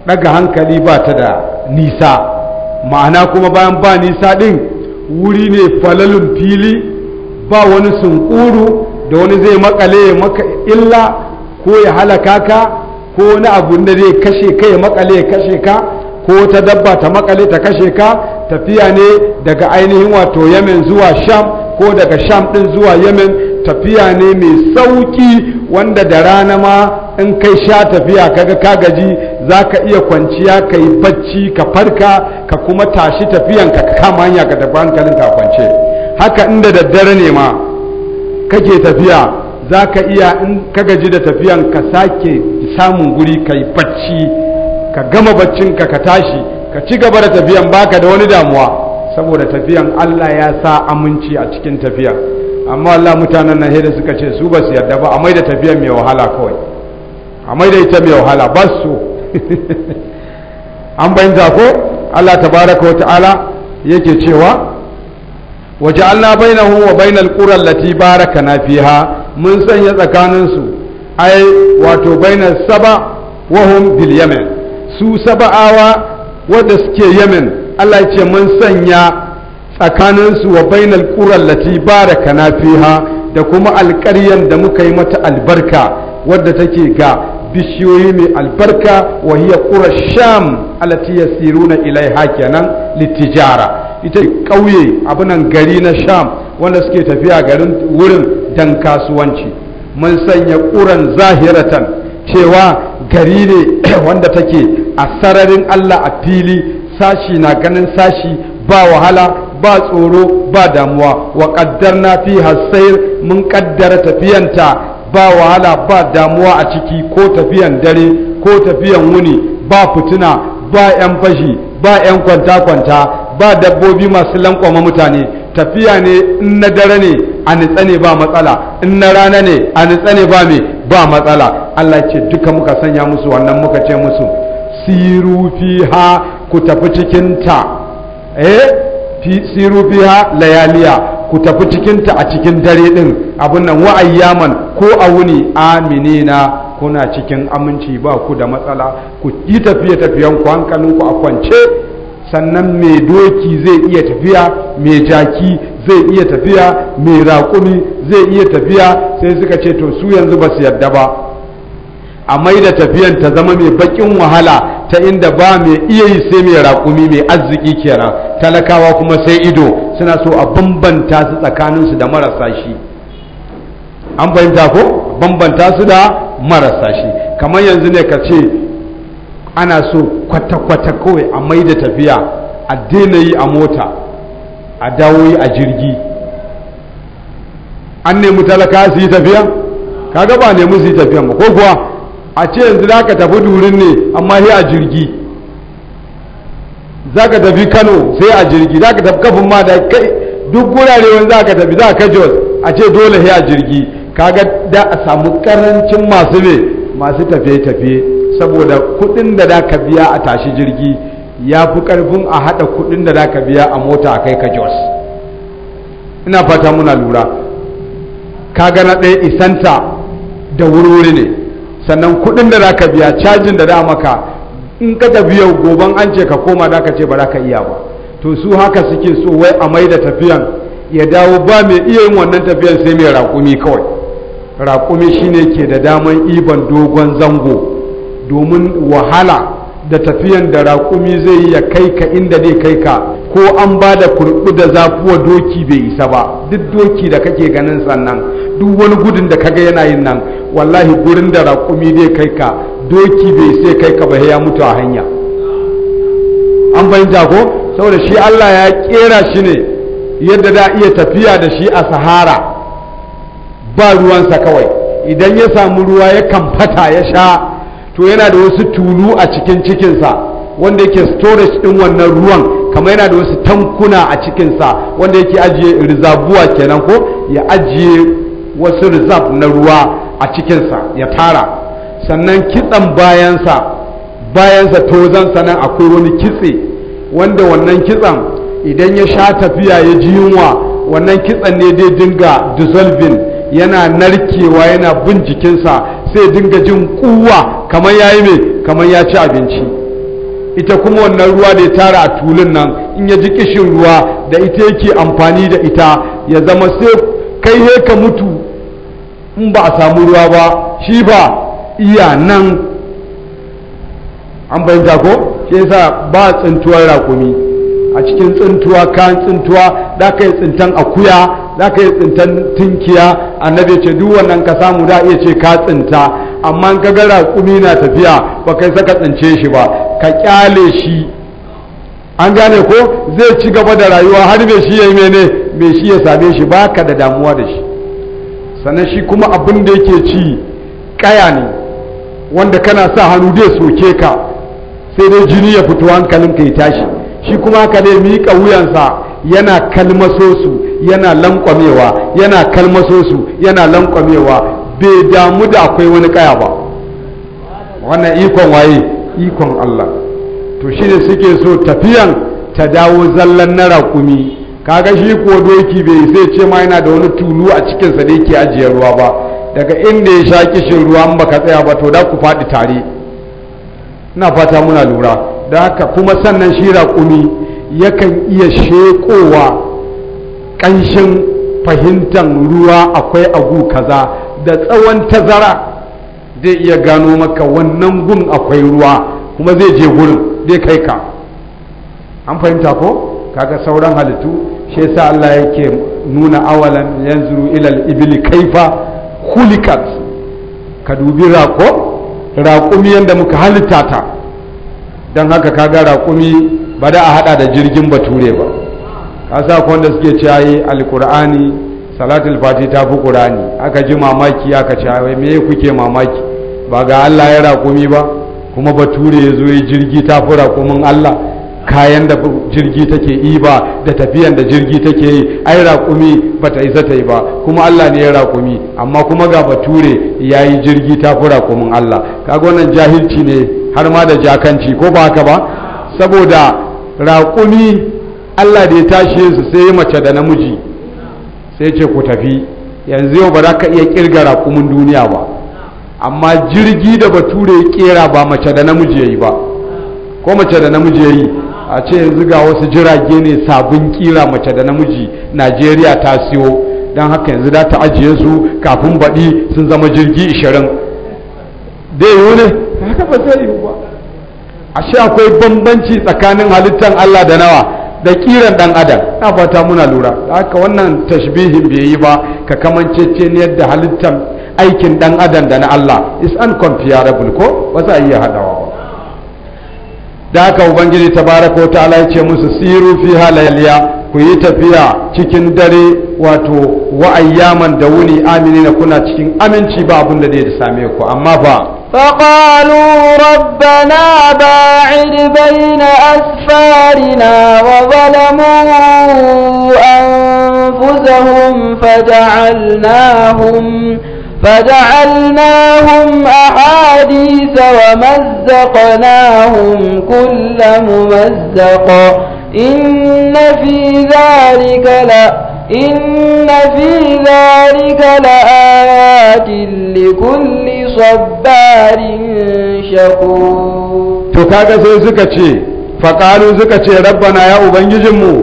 ɗaga hankali ba ta da nisa ma'ana kuma bayan ba nisa ɗin wuri ne falalin fili ba wani sunkuru da wani zai makale maka illa ko ya halaka ka ko wani abu da zai kashe ka ya makale ya kashe ka ko ta dabba ta makale ta kashe ka tafiya ne daga ainihin wato yamen zuwa sham ko daga sham din zuwa yamen tafiya ne mai sauki wanda da rana ma in kai sha tafiya kaga ka gaji za ka iya kwanciya ka yi bacci ka farka ka kuma tashi tafiyan ka kama hanya ka tafi hankalin ka kwance haka inda daddare ne ma kake tafiya za ka iya in ka gaji da tafiyan ka sake samun guri ka yi bacci ka gama baccinka ka tashi ka ci gaba da tafiyan baka da wani damuwa saboda tafiyan Allah ya sa aminci a cikin tafiya amma Allah mutanen nan da suka ce su ba su yarda ba amma da tafiyan mai wahala kawai amma da ita mai wahala ba su (laughs) an bayyana ko Allah tabaraka wa ta'ala yake cewa وجعلنا بينه وبين القرى baraka na fiha. mun sanya tsakaninsu ai wato baina saba wahum bil yamen su saba'awa wadda suke yamen Allah ce mun sanya tsakaninsu wa bainal qural lati na fiha da kuma alƙaryan da muka yi mata albarka wadda take ga bishiyoyi mai albarka wa hiya qura sham alati yasiruna ilaiha kenan litijara ita ƙauye abunan gari na sham wanda suke tafiya garin wurin dan kasuwanci mun sanya ƙuran zahiratan cewa gari ne (clears throat) wanda take a sararin Allah a fili sashi na ganin sashi ba wahala ba tsoro ba damuwa wa na fi hasayir mun ƙaddara tafiyanta ba wahala ba damuwa a ciki ko tafiyan dare ko tafiyan wuni ba fituna ba 'yan fashi ba 'yan kwanta-kwanta ba dabbobi masu lankwama mutane tafiya ne in na dare ne a nitsa ba matsala in na rana ne a nitsa ba me ba matsala Allah ce duka muka sanya musu wannan muka ce musu siru fiha ku tafi cikin ta eh siru fiha layaliya ku tafi cikin ta a cikin dare din abun nan wa ayyaman ko a wuni aminina kuna cikin aminci ba ku da matsala ku yi tafiye tafiyan ku hankalinku a kwance sannan mai doki zai iya tafiya mai jaki zai iya tafiya mai raƙumi zai iya tafiya sai suka ce to su yanzu ba su yadda ba a mai da tafiyan ta zama mai baƙin wahala ta inda ba mai iya yi sai mai raƙumi mai arziki kenan talakawa kuma sai ido suna so a bambanta su tsakaninsu da marasa shi an fahimta ko bambanta su da marasa shi kamar yanzu ne ka ce ana so kwata-kwata kawai a mai da tafiya a daina yi a mota a dawo yi a jirgi an nemi talaka su yi tafiya kaga ba nemi su yi tafiyan ba ko kuwa a ce yanzu za ka tafi durin ne amma yi a jirgi za ka tafi kano sai a jirgi za ka tafi kafin ma da kai duk gurare wani za ka tafi za ka jos a ce dole yi a jirgi kaga da a samu karancin masu ne masu tafiye-tafiye saboda kudin da za ka biya a tashi jirgi ya fi karfin a haɗa kudin da za ka biya a mota a kai ka jos ina fata muna lura ka gana ɗaya isanta da wuri ne sannan kudin da za ka biya cajin da za maka in ka tafi yau goban an ce ka koma za ka ce ba za ka iya ba to su haka suke so wai a mai da tafiyan ya dawo ba mai iya yin wannan tafiyan sai mai raƙumi kawai raƙumi shine ke da daman iban dogon zango domin wahala da tafiyan da raƙumi zai yi ya kai ka inda zai kai ka ko an ba da kurɓu da zafuwa doki bai isa ba duk doki da kake ganin sannan duk wani gudun da kaga yana yin nan wallahi gurin da raƙumi zai kai ka doki bai sai kai ka ba ya mutu a hanya an fahimta ko saboda shi Allah ya kera shi ne yadda da iya tafiya da shi a sahara ba ruwansa kawai idan ya samu ruwa ya kamfata fata ya sha to yana da wasu tulu a cikin cikinsa wanda yake storage ɗin wannan ruwan kama yana da wasu tankuna a cikinsa wanda yake ajiye rizabuwa kenan ko ya ajiye wasu rizab na ruwa a cikinsa ya tara sannan kitsan bayansa bayansa zan sanan akwai wani kitse wanda wannan kitsan idan ya sha tafiya ya ji yunwa wannan kitsan ne dai dinga dissolving yana narkewa yana bin jikinsa zai dinga jin kuwa kamar ya yi mai kamar ya ci abinci ita kuma wannan ruwa da ya tara a tulun nan in ya ji kishin ruwa da ita yake amfani da ita ya zama sai kai he ka mutu in ba a samu ruwa ba shi ba iya nan an bayan ko shi yasa ba tsintuwar rakumi a cikin tsintuwa kayan tsintuwa da ka yi tsintan akuya za ka yi tsintan tinkiya annabi ce duk wannan ka samu da iya ce ka tsinta amma ka ga raƙumi na tafiya ba kai saka tsince shi ba ka kyale shi an gane ko zai ci gaba da rayuwa har mai shi ya yi mene mai shi ya same shi ba ka da damuwa da shi sannan shi kuma abin da yake ci kaya ne wanda kana sa hannu zai soke ka sai dai jini ya fito hankalin ka yi tashi shi kuma ka dai miƙa wuyansa yana kalmasosu yana lankwamewa yana kalmasosu yana lankwamewa bai damu da akwai wani kaya ba wannan ikon waye ikon Allah to shi ne suke so tafiyan ta dawo zallan na raƙumi kaga shi ko doki bai sai ce ma yana da wani tulu a cikin da yake ajiye ruwa ba daga inda ya sha kishin ruwa an baka tsaya ba to da ku faɗi tare ina fata muna lura da haka kuma sannan shi raƙumi yakan iya shekowa ƙanshin fahimtar ruwa akwai agu kaza da tsawon tazara zai iya gano maka wannan gun akwai ruwa kuma zai je gurin zai kai ka an fahimta ko kaga sauran halittu shi yasa Allah yake nuna awalan yanzu ilal ibili kaifa khuliqat ka dubi rako raƙumi yadda muka halitta ta don haka kaga raƙumi ba da a hada da jirgin bature ba kasa wanda suke ciyayi alkur'ani salatul fati ta fi qur'ani aka ji mamaki aka ciyayi me kuke mamaki ba ga Allah ya rakumi ba kuma bature ya zo ya jirgi ta fi rakumin Allah kayan da jirgi take yi ba da tafiyan da jirgi take yi ai rakumi ba ta isa ta yi ba kuma Allah ne ya rakumi amma kuma ga bature ya yi jirgi ta fi raƙumin Allah kaga wannan jahilci ne har ma da jakanci ko ba haka ba saboda raƙumi Allah da ya tashi su sai yi mace da namiji sai ce ku tafi yanzu yau ba za ka iya kirga raƙumin duniya ba amma jirgi da bature ya kera ba mace da namiji ya yi ba ko mace da namiji ya yi a ce yanzu ga wasu jirage ne sabon kira mace da namiji najeriya ta siyo don haka yanzu za ta ajiye su kafin baɗi sun zama jirgi 20 dai yiwu ne haka ba zai yiwu ba ashe akwai bambanci tsakanin halittan Allah da nawa da kiran dan adam na fata muna lura haka wannan tashbihin bai yi ba ka kamancece ne yadda halittan aikin dan adam da na Allah is uncomparable ko ba za a iya hadawa ba da haka ubangiji tabaraka wa ta'ala ya ce musu siru fi halayya ku yi tafiya cikin dare wato wa'ayyaman da wuni na kuna cikin aminci ba abin da zai same ku amma ba فقالوا ربنا باعد بين أسفارنا وظلموا أنفسهم فجعلناهم فجعلناهم أحاديث ومزقناهم كل ممزق إن في ذلك لأ إن في ذلك لآيات لكل صبار شكور to kaga sai suka ce faƙalu suka ce rabbana ya ubangijinmu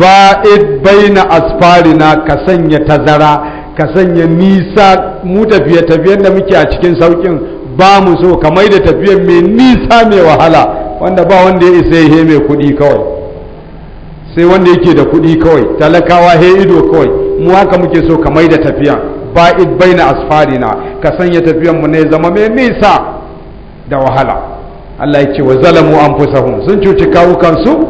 ba'id baina asfarina ka sanya tazara ka sanya nisa mu tafiye tafiyen da muke a cikin saukin ba mu so ka da tafiyen mai nisa mai wahala wanda ba wanda ya isa ya mai kuɗi kawai sai wanda yake da kuɗi kawai talakawa he ido kawai mu haka muke so ka da tafiya ba'id baina asfarina ka sanya tafiyan mu ne zama mai nisa da wahala Allah ya ce wa zalamu anfusahum sun cuci kawukansu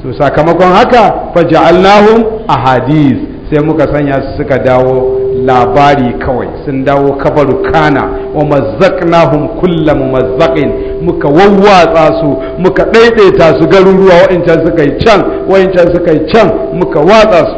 su sakamakon haka ja'alnahum ahadith sai muka sanya su suka dawo labari kawai sun dawo kabaru kana wa mazzaqnahum kulla mumazzaqin muka wawwatsa su muka ɗaiɗaita su garuruwa wa'incan suka yi can wa'incan suka yi can muka watsa su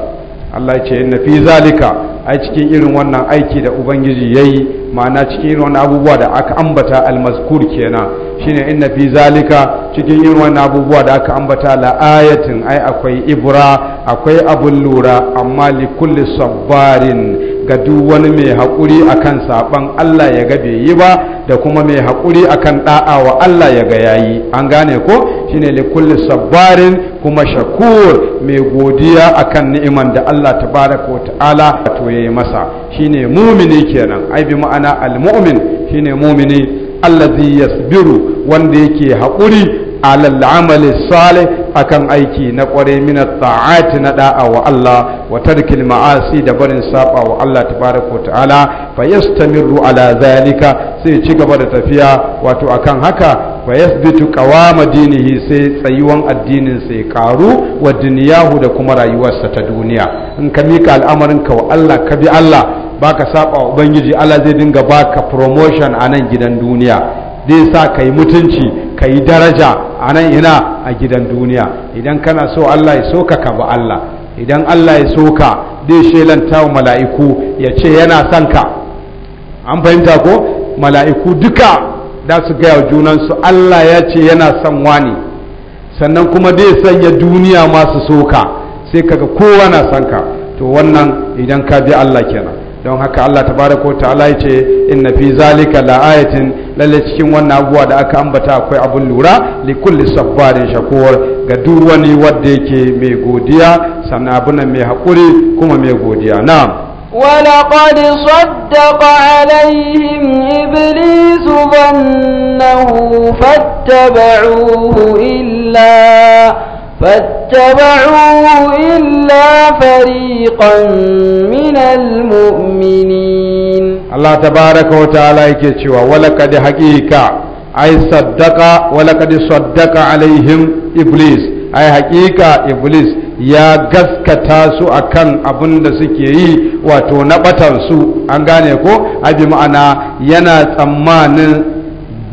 Allah ya ce yin fi zalika a cikin irin wannan aiki da ubangiji ya yi ma'ana cikin irin wannan abubuwa da aka ambata almazkur kenan shine inna fi zalika cikin irin wannan abubuwa da aka ambata la ayatin ai akwai ibra akwai abun lura amma li kulli sabbarin ga duk wani mai haƙuri akan saɓan Allah ya ga bai yi ba da kuma mai haƙuri akan ɗa'a wa Allah ya ga yi an gane ko shine li kulli sabbarin kuma shakur mai godiya akan ni'iman da Allah ta bada ko ta'ala to yayi masa shine mumini kenan ai bi ma'ana al-mu'min shine mumini allazi yasbiru wanda yake haƙuri alal amali salih akan aiki na kware mina ta'ati na da'a wa Allah wa tarkil ma'asi da barin saba wa Allah tabaraka ta'ala fa yastamiru ala zalika sai ci gaba da tafiya wato akan haka fa yasbitu qawama dinihi sai tsayuwan addinin sai karu wa duniyahu da kuma rayuwarsa ta duniya in ka mika al'amarin ka wa Allah ka bi Allah baka saba ubangiji Allah zai dinga baka promotion a nan gidan duniya zai sa kai mutunci ka yi daraja a nan ina a gidan duniya idan kana so Allah ya so ka ka ba Allah idan Allah ya so ka dai shelanta wa mala'iku ya ce yana son ka an fahimta ko mala'iku duka da su gaya wa junansu Allah ya ce yana son wani sannan kuma dai sanya duniya masu soka sai kaga kowa na son ka to wannan idan ka bi Allah kenan don haka Allah tabaraka ta'ala in na fi zalika laayatin lalle cikin wannan abubuwa da aka ambata akwai abun lura li kulli sabbarin shakur ga duk wani wanda yake mai godiya sannan abuna mai hakuri kuma mai godiya na'am ولقد صدق عليهم إبليس ظنه فاتبعوه إلا فاتبعوا إلا فريقا من المؤمنين الله تبارك cewa يكتشوا ولقد حقيقة أي صدق ولقد صدق عليهم إبليس ai hakika iblis ya gaskata su akan abin da suke yi wato na batansu an gane ko abi ma'ana yana tsammanin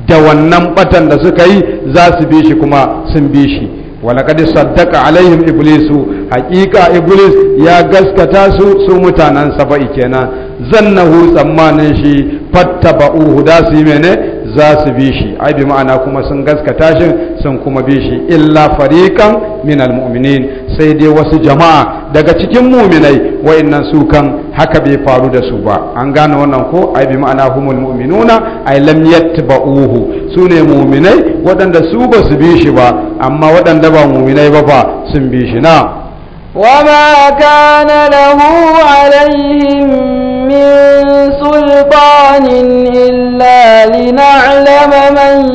da wannan batan da suka yi za su bi kuma sun bi shi walakadi saddaka alaihim iblisu haqiqa iblis ya gaskata su su mutanen saba'i kenan zannahu tsammanin shi fattaba'uhu da su mene za su bi shi ai bi ma'ana kuma sun gaskata shi sun kuma bi shi illa fariqan min almu'minin sai dai wasu jama'a daga cikin mu'minai wayannan su kan haka bai faru da su ba an gane wannan ko ai bi ma'ana humul mu'minuna ai lam yattabuhu su ne mu'minai waɗanda su ba su bi shi ba amma waɗanda ba mu'minai ba fa sun bi shi na وما كان له عليهم من سلطان إلا لنعلم من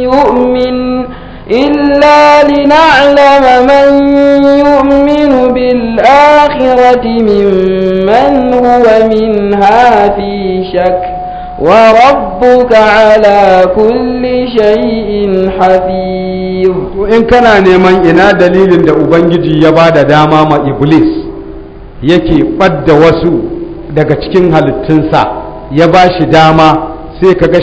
يؤمن إلا لنعلم من يؤمن بالآخرة ممن هو منها في شك وربك على كل شيء حفيظ in kana neman ina dalilin da ubangiji ya ba da dama ma iblis yake ɓadda wasu daga cikin halittunsa ya ba shi dama sai ka ga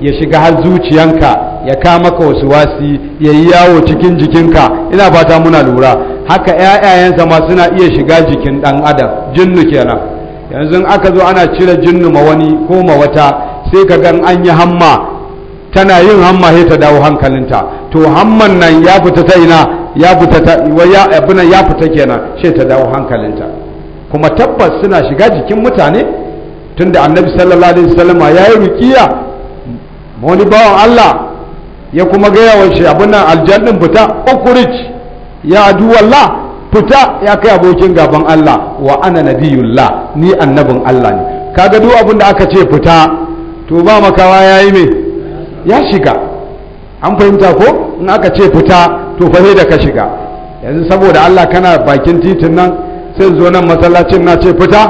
ya shiga har zuciyanka ya kama ka wasu wasi ya yi yawo cikin jikinka ina fata muna lura haka 'ya'yayensa ma suna iya shiga jikin ɗan adam jinnu kenan yanzu aka zo ana cire jinnu ma wani ko ma wata sai ka gan an yi hamma tana yin hamma sai ta dawo hankalinta to hamman nan ya fita ta ina ya fita ta ya abuna ya fita kenan sai ta dawo hankalinta kuma tabbas suna shiga jikin mutane tunda annabi sallallahu alaihi wasallama yayi rukiya wani bawan Allah ya kuma gaya wa shi abin aljannin fita ukurij ya aduwallah fita ya kai abokin gaban Allah wa ana nabiyullah ni annabin Allah ne kaga duk abin da aka ce fita to ba makawa yayi me ya shiga an fahimta ko in aka ce fita to fahe da ka shiga yanzu saboda Allah kana bakin titin nan sai zo nan masallacin na ce fita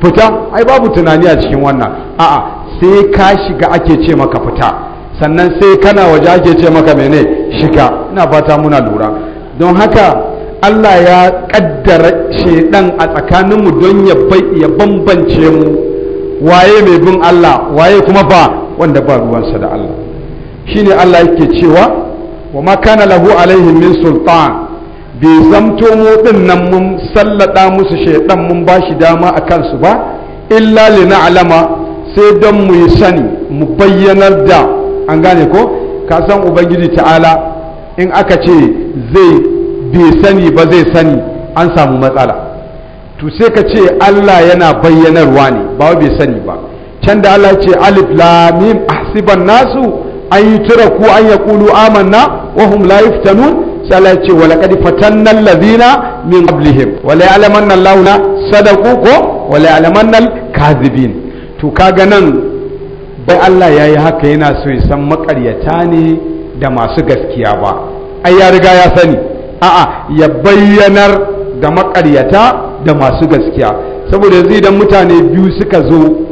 fita ai babu tunani a cikin wannan a'a sai ka shiga ake ce maka fita sannan sai kana waje ake ce maka mene shiga ina fata muna lura don haka Allah ya ƙaddara shedan a tsakaninmu don ya bambance mu waye mai bin Allah waye kuma ba wanda ba ruwansa da Allah shine Allah yake cewa wa ma kana lahu alaihim min sultan bai zamto mu din nan mun sallada musu shedan mun shi dama a kansu ba illa na'lama sai don mu yi sani mu bayyanar da an gane ko ka san ubangiji ta'ala in aka ce zai bai sani ba zai sani an samu matsala to sai ka ce Allah yana bayyanarwa ne ba bai sani ba can da Allah ce alif lamim ahsiban nasu an yi tura ku an yaqulu amanna wa hum la yuftanun sai Allah ce wa laqad fatanna allazina min qablihim wa la ya'lamanna Allahu la sadaqu ko wa la ya'lamanna kadhibin to kaga nan bai Allah yayi haka yana so ya san makaryata ne da masu gaskiya ba ai ya riga ya sani a'a ya bayyanar da makaryata da masu gaskiya saboda yanzu idan mutane biyu suka zo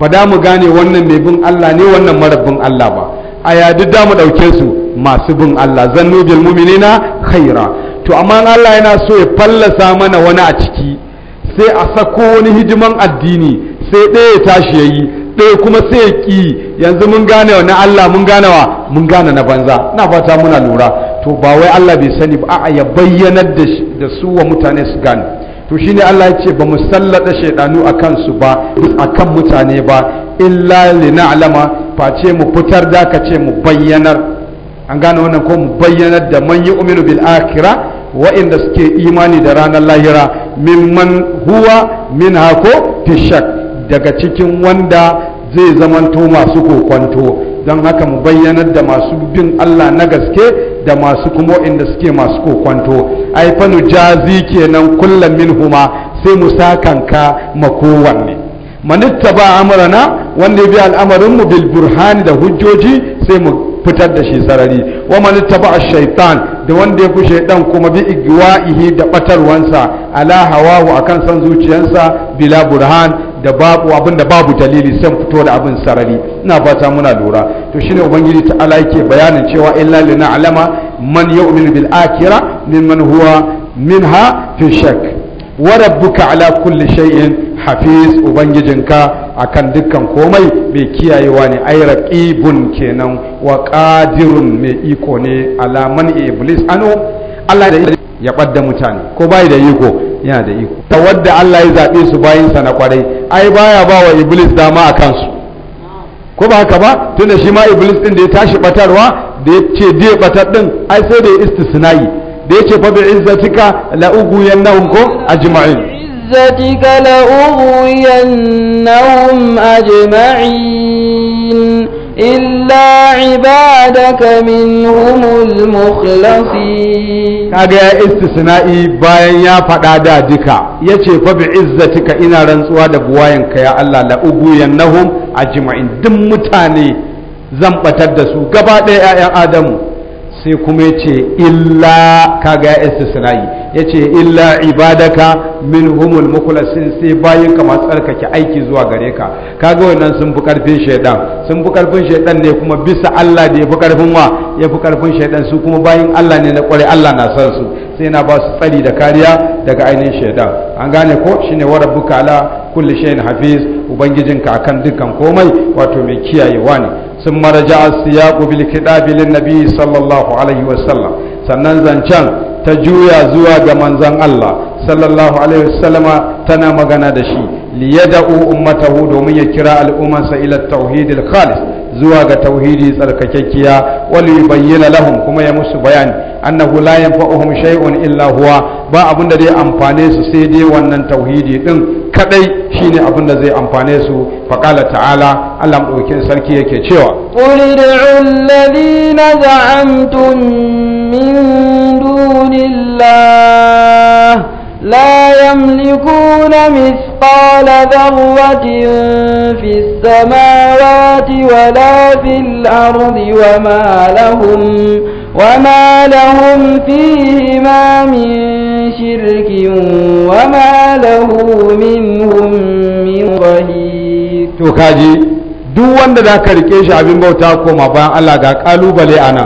ba da mu gane wannan mai bin Allah ne wannan mara bin Allah ba a yadu da mu ɗauke su masu bin Allah zannu bil mu'minina khaira to amma Allah yana so ya fallasa mana wani a ciki sai a sako wani hidiman addini sai ɗaya ya tashi yayi ɗaya kuma sai ya ki yanzu mun gane wa na Allah mun gane wa mun gane na banza na fata muna lura to ba wai Allah bai sani ba a ya bayyanar da su wa mutane su gane to shine Allah ya ce ba mu sallada shaidanu a kansu ba a kan mutane ba illa lina'lama ce mu fitar da ka ce mu bayyanar an gane wannan ko mu bayyanar da man yu'minu bil akhirah wa'inda suke imani da ranar lahira mimman huwa min hako tishak daga cikin wanda zai zamanto masu kokwanto don haka mu bayyanar da masu bin Allah na gaske da masu kuma inda suke masu kokwanto ai fa nujazi kenan kullum minhuma sai mu sakanka ma kowanne manitta ba amrana wanda ya bi al'amarin mu bil burhani da hujjoji sai mu fitar da shi sarari wa man taba shaitan da wanda ya fi dan kuma bi igwa'ihi da batarwansa ala hawahu akan san zuciyarsa bila burhan da babu abin da babu dalili san fito da abin sarari ina fata muna lura to shine ubangiji ta ala yake bayanin cewa illa lina alama man yu'min bil akhira mimman huwa minha fi shak wa rabbuka ala kulli shay'in hafiz ubangijinka akan dukkan komai mai kiyayewa ne ai raqibun kenan wa qadirun mai iko ne alaman iblis anu Allah da ya ɓadda mutane ko bai da iko yana da iko ta wadda Allah ya zaɓe su sa na kwarai ai baya ba wa iblis dama a kansu ko ba haka ba tunda shi ma iblis din da ya tashi batarwa da ya ce dai batar din ai sai da ya istisnai da ya ce fa bi izzatika la ugwiyannahum ko ajma'in عزتك لأغوينهم ajma'in إلا عبادك منهم المخلصين kaga istisna'i bayan ya faɗa da duka yace fa bi izzatika ina rantsuwa da buwayenka ya Allah la ubuyannahum ajma'in duk mutane zan batar da su gaba ɗaya 'ya'yan Adamu sai kuma ya ce illa kaga ya istisna'i ya ce illa ibadaka min humul mukulasin sai bayan ka masu tsarkake aiki zuwa gare ka kaga wannan sun fi karfin shaidan sun fi karfin shaidan ne kuma bisa Allah da ya fi karfin wa ya fi karfin shaidan su kuma bayan Allah ne na kware Allah na san su sai na ba su tsari da kariya daga ainihin shaidan an gane ko shine wa rabbuka ala kulli shay'in hafiz ubangijinka akan dukkan komai wato mai kiyayewa ne ثم رجع السياق بالكتاب للنبي صلى الله عليه وسلم sannan zancen ta juya zuwa ga manzon Allah sallallahu alaihi wasallama tana magana da shi liyada'u ummatahu domin ya kira al'ummarsa ila tauhidil khalis zuwa ga tauhidi tsarkakekkiya wali bayyana lahum kuma ya musu bayani annahu la yanfa'uhum shay'un illa huwa ba abin da zai amfane su sai dai wannan tauhidi din kadai shine abin da zai amfane su faqala ta'ala Allah madaukakin sarki yake cewa qul ud'u alladhina za'amtum min dunillah لا يملكون مثقال ذرة في السماوات ولا في الأرض وما لهم وما لهم فيهما من شرك وما له منهم من ظهير to duk wanda za ka rike shi abin bauta koma bayan Allah ga kalubale nan,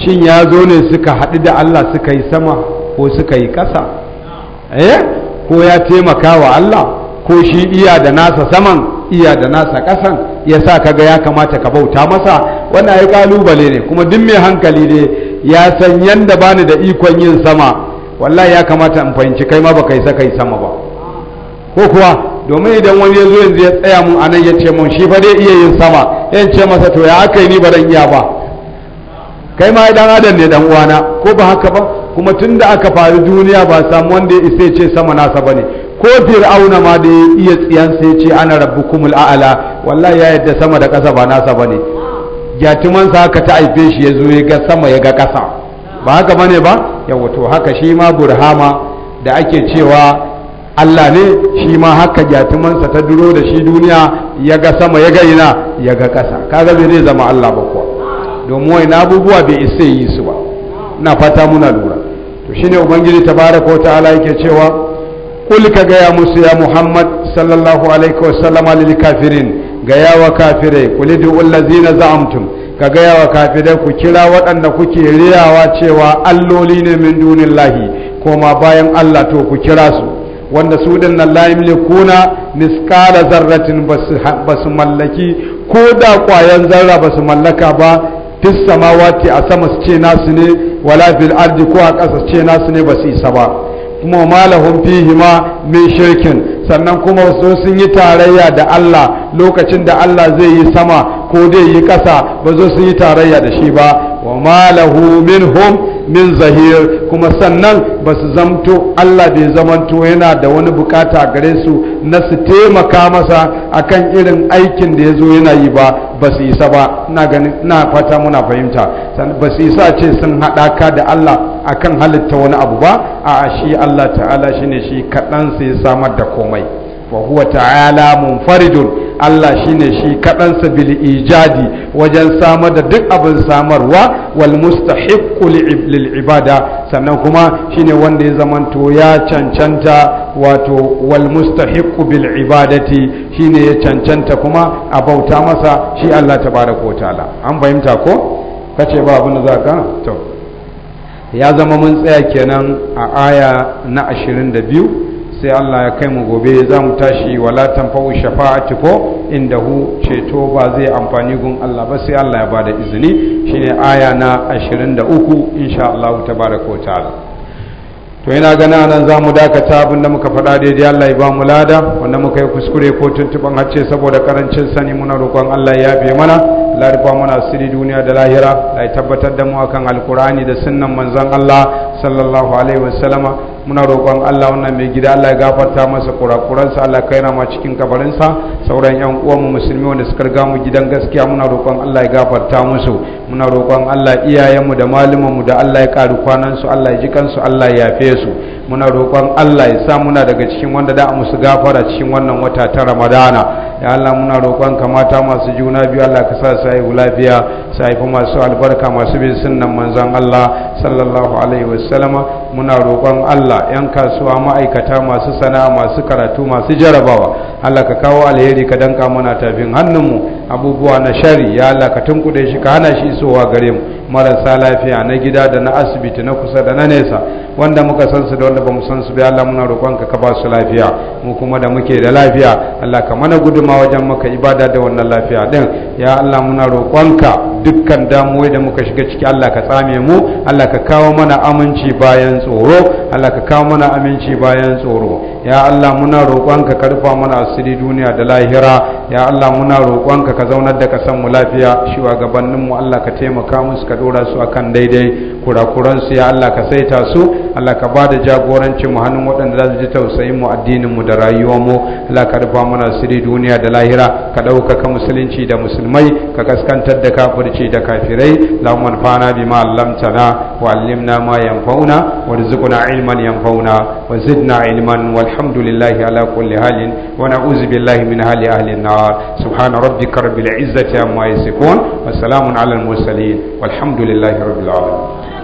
shin ya zo ne suka haɗu da Allah suka yi sama ko suka yi ƙasa eh ko ya taimaka wa Allah ko shi iya da nasa saman iya da nasa ƙasan ya sa kaga ya kamata ka bauta masa wannan ya kalubale ne kuma duk mai hankali ne ya san yanda bani da ikon yin sama wallahi ya kamata in fahimci kai ma baka isa kai sama ba ko kuwa domin idan wani ya zo yanzu ya tsaya mun anan ya ce mun shi fa dai iya yin sama yan ce masa to ya aka yi ni ba dan iya ba kai ma idan adam ne dan uwana ko ba haka ba kuma tun da aka faru duniya ba samu wanda ya isa ce sama nasa bane ko fir'auna ma da ya iya tsiyan sai ce ana kumul a'la wallahi ya yadda sama da ƙasa ba nasa bane yatiman sa haka ta haife shi ya zo ya ga sama ya ga ƙasa ba haka bane ba yawa to haka shi ma burhama da ake cewa Allah ne shi ma haka yatimansa ta duro da shi duniya ya ga sama ya ga ina ya ga ƙasa kaga zai zama Allah ba kuwa domin wai na abubuwa bai isa yi su ba na fata muna lura to shine ubangiji tabaraka ta'ala yake cewa kul ka gaya musu ya muhammad sallallahu alaihi wasallama lil kafirin gaya wa kafirai kul du allazina za'amtum ka gaya wa kafirai ku kira waɗanda kuke riyawa cewa alloli ne min dunillahi koma bayan Allah to ku kira su wanda su din nan la yamlikuna misqala zarratin basu mallaki ko da kwayan zarra basu mallaka ba fis samawati a sama su ce nasu ne wala fil ardi ko a ƙasa su ce nasu ne ba su isa ba kuma malahum fihi ma min shirkin sannan kuma su sun yi tarayya da Allah lokacin da Allah zai yi sama ko dai yi ƙasa ba zo sun yi tarayya da shi ba wa malahu minhum min zahir kuma sannan ba su zamto Allah bai zamanto yana da wani bukata gare su na su taimaka masa akan irin aikin da ya zo yana yi ba ba su isa ba na fata muna fahimta ba su isa ce sun haɗaka da Allah akan halitta wani abu ba a shi Allah ta'ala shine shi kaɗan sai samar da komai wa huwa ta'ala munfaridun Allah shine shi kaɗansa bil ijadi wajen samar da duk abin samarwa wal mustahiqqu lil ibada sannan kuma shine wanda ya zamanto ya cancanta wato wal mustahiqqu bil ibadati shine ya cancanta kuma a bauta masa shi Allah tabaraka wa ta'ala an fahimta ko kace ba abin da zaka to ya zama mun tsaya kenan a aya na 22 sai Allah ya kai mu gobe za mu tashi wala tanfa'u shafa'atu ko hu ceto ba zai amfani gun Allah ba sai Allah ya ba da izini shine aya na 23 insha Allah tabaraka ta'ala to ina gana nan za mu dakata abin da muka faɗa daidai Allah ya ba mu lada wanda muka yi kuskure ko tuntuɓin hacce saboda karancin sani muna roƙon Allah ya yafe mana Allah muna mana duniya da lahira da tabbatar da mu akan alkurani da sunnan manzon Allah sallallahu alaihi wasallama muna roƙon Allah wannan mai gida Allah ya gafarta masa kurakuransa Allah kai na ma cikin kabarinsa sauran yan mu musulmi wanda suka ga mu gidan gaskiya muna roƙon Allah ya gafarta musu muna roƙon Allah iyayenmu da mu da Allah ya kwanan su Allah ya ji kansu Allah ya yafe su muna roƙon Allah ya sa muna daga cikin wanda da musu gafara cikin wannan wata ta Ramadana ya Allah muna roƙon ka mata masu juna biyu Allah ka sa su haihu lafiya su haifi masu albarka masu bin sunnan manzon Allah sallallahu alaihi wasallama muna roƙon Allah yan kasuwa ma'aikata masu sana'a masu karatu masu jarabawa Allah ka kawo alheri ka danka mana tafin hannunmu abubuwa na shari ya Allah ka tunkuɗe shi ka hana shi isowa gare mu marasa lafiya na gida da na asibiti na kusa da na nesa wanda muka san su da wanda bamu san su ba Allah muna roƙonka ka ba su lafiya mu kuma da muke da lafiya Allah ka mana guduma wajen maka ibada da wannan lafiya din ya Allah muna roƙonka dukkan damuwa da muka shiga ciki Allah ka tsame mu Allah ka kawo mana aminci bayan tsoro Allah ka kawo mana aminci bayan tsoro ya Allah muna roƙonka ka rufa mana asiri duniya da lahira ya Allah muna roƙonka ka zaunar da kasan mu lafiya shi gabanin mu Allah ka taimaka musu ka dora su akan daidai kurakuransu ya Allah ka saita su Allah ka ba da jagoranci mu hannun waɗanda za su ji tausayin mu addinin mu da rayuwar mu Allah ka rufa mana sirri duniya da lahira ka ɗaukaka musulunci da musulmai ka kaskantar da kafirci da kafirai lahum anfa'na bima allamtana wa allimna ma yanfa'una warzuqna ilman yanfa'una wa zidna ilman walhamdulillahi ala kulli halin wa na'uzu billahi min hali ahli an-nar subhana rabbika rabbil izzati amma yasifun wa salamun ala al-mursalin والحمد لله رب العالمين